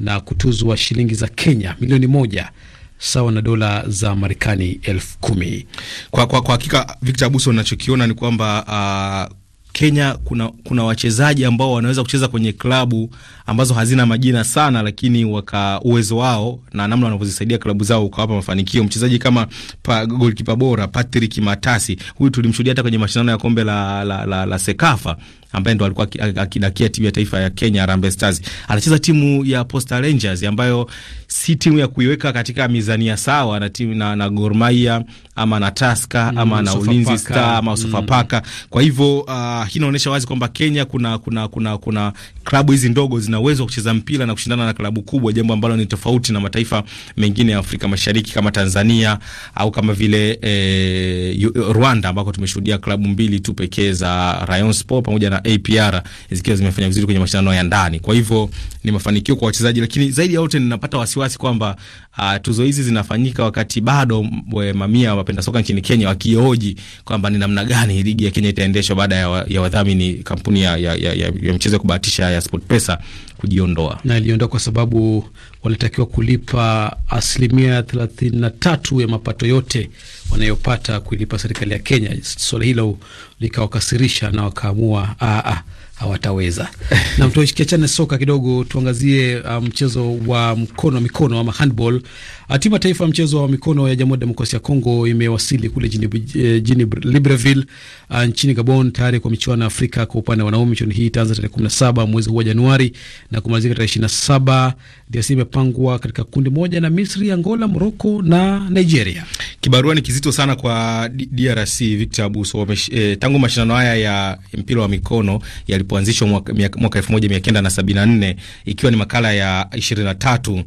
na kutuzwa shilingi za Kenya milioni moja sawa na dola za Marekani elfu kumi. Kwa, kwa, kwa hakika Victor Abuso, unachokiona ni kwamba uh, Kenya kuna, kuna wachezaji ambao wanaweza kucheza kwenye klabu ambazo hazina majina sana, lakini waka uwezo wao na namna wanavyozisaidia klabu zao ukawapa mafanikio. Mchezaji kama pa, golkipa bora Patrick Matasi, huyu tulimshuhudia hata kwenye mashindano ya kombe la, la, la, la Sekafa ambaye ndo alikuwa akidakia timu ya taifa ya Kenya Harambee Stars. Anacheza timu ya Posta Rangers ambayo si timu ya kuiweka katika mizania sawa na timu na, na Gor Mahia ama na Taska mm, ama mm, na Ulinzi Star ama Sofapaka. Mm. Kwa hivyo uh, hii inaonyesha wazi kwamba Kenya kuna kuna kuna kuna klabu hizi ndogo zina uwezo wa kucheza mpira na kushindana na klabu kubwa, jambo ambalo ni tofauti na mataifa mengine ya Afrika Mashariki kama Tanzania au kama vile e, Rwanda ambako tumeshuhudia klabu mbili tu pekee za Rayon Sport pamoja na APR zikiwa zimefanya vizuri kwenye mashindano ya ndani. Kwa hivyo ni mafanikio kwa wachezaji, lakini zaidi ya yote ninapata wasiwasi kwamba Uh, tuzo hizi zinafanyika wakati bado eh, mamia wapenda soka nchini Kenya wakioji kwamba ni namna gani ligi ya Kenya itaendeshwa baada ya, ya wadhamini kampuni ya, ya, ya, ya, ya mchezo ya kubahatisha ya SportPesa kujiondoa, na iliondoa kwa sababu walitakiwa kulipa asilimia thelathini tatu ya mapato yote wanayopata kuilipa serikali ya Kenya. Swala hilo likawakasirisha na wakaamua ah, ah, hawataweza. na tukiachana soka kidogo, tuangazie uh, mchezo um, wa mkono wa mikono ama handball. Uh, timu ya taifa ya mchezo wa mikono ya Jamhuri ya Demokrasia ya Kongo imewasili kule eh, jini Libreville uh, nchini Gabon tayari kwa michuano ya Afrika kwa upande wa wanaume. Michuano hii itaanza tarehe 17 mwezi huu wa Januari na kumalizika tarehe 27. DRC imepangwa katika kundi moja na Misri, Angola, Morocco na Nigeria. Kibarua ni kizito sana kwa DRC, Victor Abuso. Eh, tangu mashindano haya ya mpira wa mikono yali ilipoanzishwa mwaka nne ikiwa ni makala ya 23.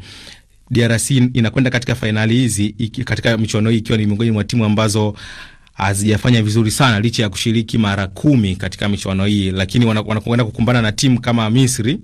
DRC inakwenda katika fainali hizi katika michuano hii ikiwa ni miongoni mwa timu ambazo hazijafanya vizuri sana licha ya kushiriki mara kumi katika michuano hii, lakini wanakwenda kukumbana na timu kama Misri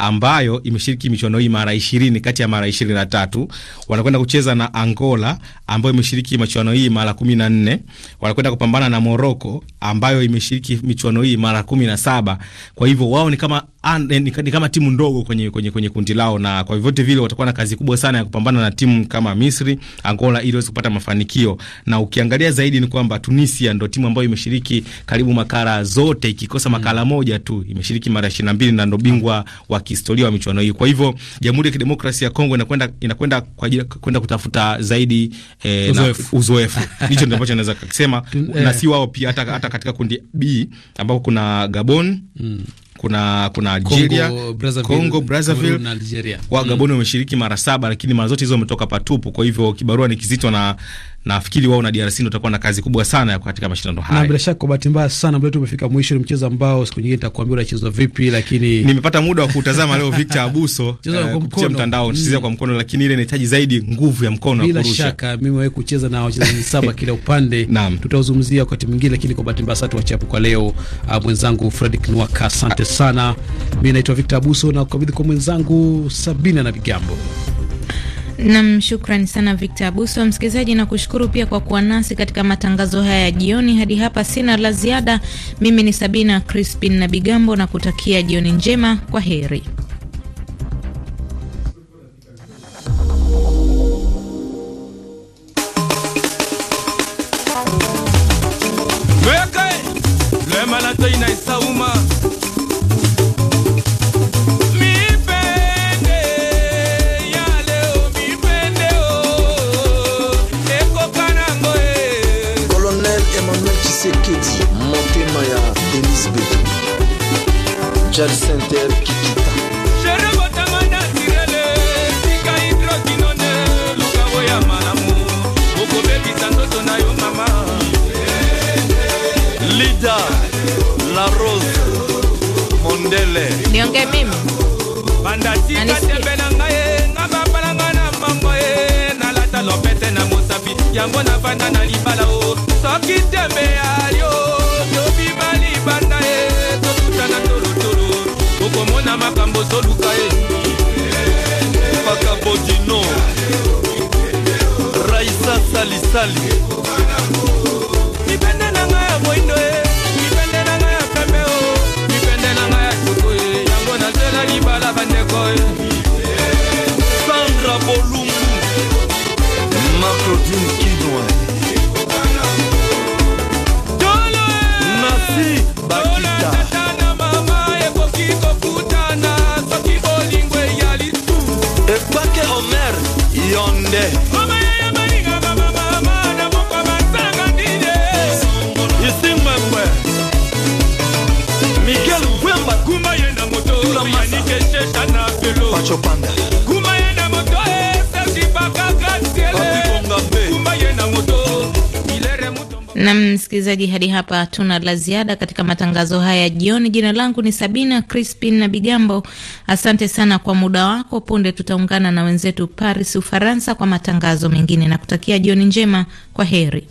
ambayo imeshiriki michuano hii mara ishirini kati ya mara ishirini na tatu. Wanakwenda kucheza na Angola ambayo imeshiriki michuano hii mara kumi na nne. Wanakwenda kupambana na Moroko ambayo imeshiriki michuano hii mara kumi na saba. Kwa hivyo wao ni kama eh, ni kama timu ndogo kwenye kwenye kwenye kundi lao, na kwa vyovyote vile watakuwa na kazi kubwa sana ya kupambana na timu kama Misri, Angola ili waweze kupata mafanikio. Na ukiangalia zaidi ni kwamba Tunisia ndo timu ambayo imeshiriki karibu makala zote, ikikosa makala mm. moja tu imeshiriki mara 22 na mbili na ndo bingwa wa kihistoria wa michuano hii. Kwa hivyo Jamhuri ya Kidemokrasia ya Kongo inakwenda inakwenda kwa ajili kwenda kutafuta zaidi eh, uzoefu. Hicho ndio ambacho naweza kusema eh. na si wao pia, hata hata katika kundi B ambapo kuna Gabon mm kuna kuna Algeria, Congo Brazzaville na Algeria. Kwa Gabon hmm. wameshiriki mara saba, lakini mara zote hizo wametoka patupu. Kwa hivyo kibarua ni kizito na nafikiri wao na DRC ndio watakuwa na kazi kubwa sana katika mashindano haya. Na bila shaka, kwa bahati mbaya sana muda wetu umefika mwisho. Ni mchezo ambao siku nyingine nitakuambia unachezwa vipi, lakini nimepata muda wa kutazama leo Victor Abuso eh, kupitia mtandao mm. kwa mkono, lakini ile inahitaji zaidi nguvu ya mkono bila kurusha. Bila shaka mimi wewe kucheza na wachezaji saba kila upande tutauzungumzia wakati mwingine, lakini kwa bahati mbaya sasa tuachapo kwa leo. Uh, mwenzangu Fredrick Nwaka, asante sana. Mimi naitwa Victor Abuso na kukabidhi kwa mwenzangu Sabina na Bigambo. Nam, shukrani sana Victor Abuso. Msikilizaji, na kushukuru pia kwa kuwa nasi katika matangazo haya ya jioni. Hadi hapa sina la ziada. Mimi ni Sabina Crispin na Bigambo na kutakia jioni njema. Kwa heri. sekedi motema ya denis beto jal center kikita lida la rose mondele nionge mimi bandatika tembela ngai nga bapalanga na mango ye nalata lopete na mo yango navanda na libala o soki tembe alio tobima libanda e totutana tolotolo okomona makambo toluka e paka bodino raisa salisali libende na ngai ya moindo e libende na ngai ya pembe o libende na ngai ya tuku e yango nazela libala bandeko e yonde na msikilizaji, hadi hapa tuna la ziada katika matangazo haya jioni. Jina langu ni Sabina Crispin na Bigambo. Asante sana kwa muda wako. Punde tutaungana na wenzetu Paris, Ufaransa, kwa matangazo mengine na kutakia jioni njema. Kwa heri.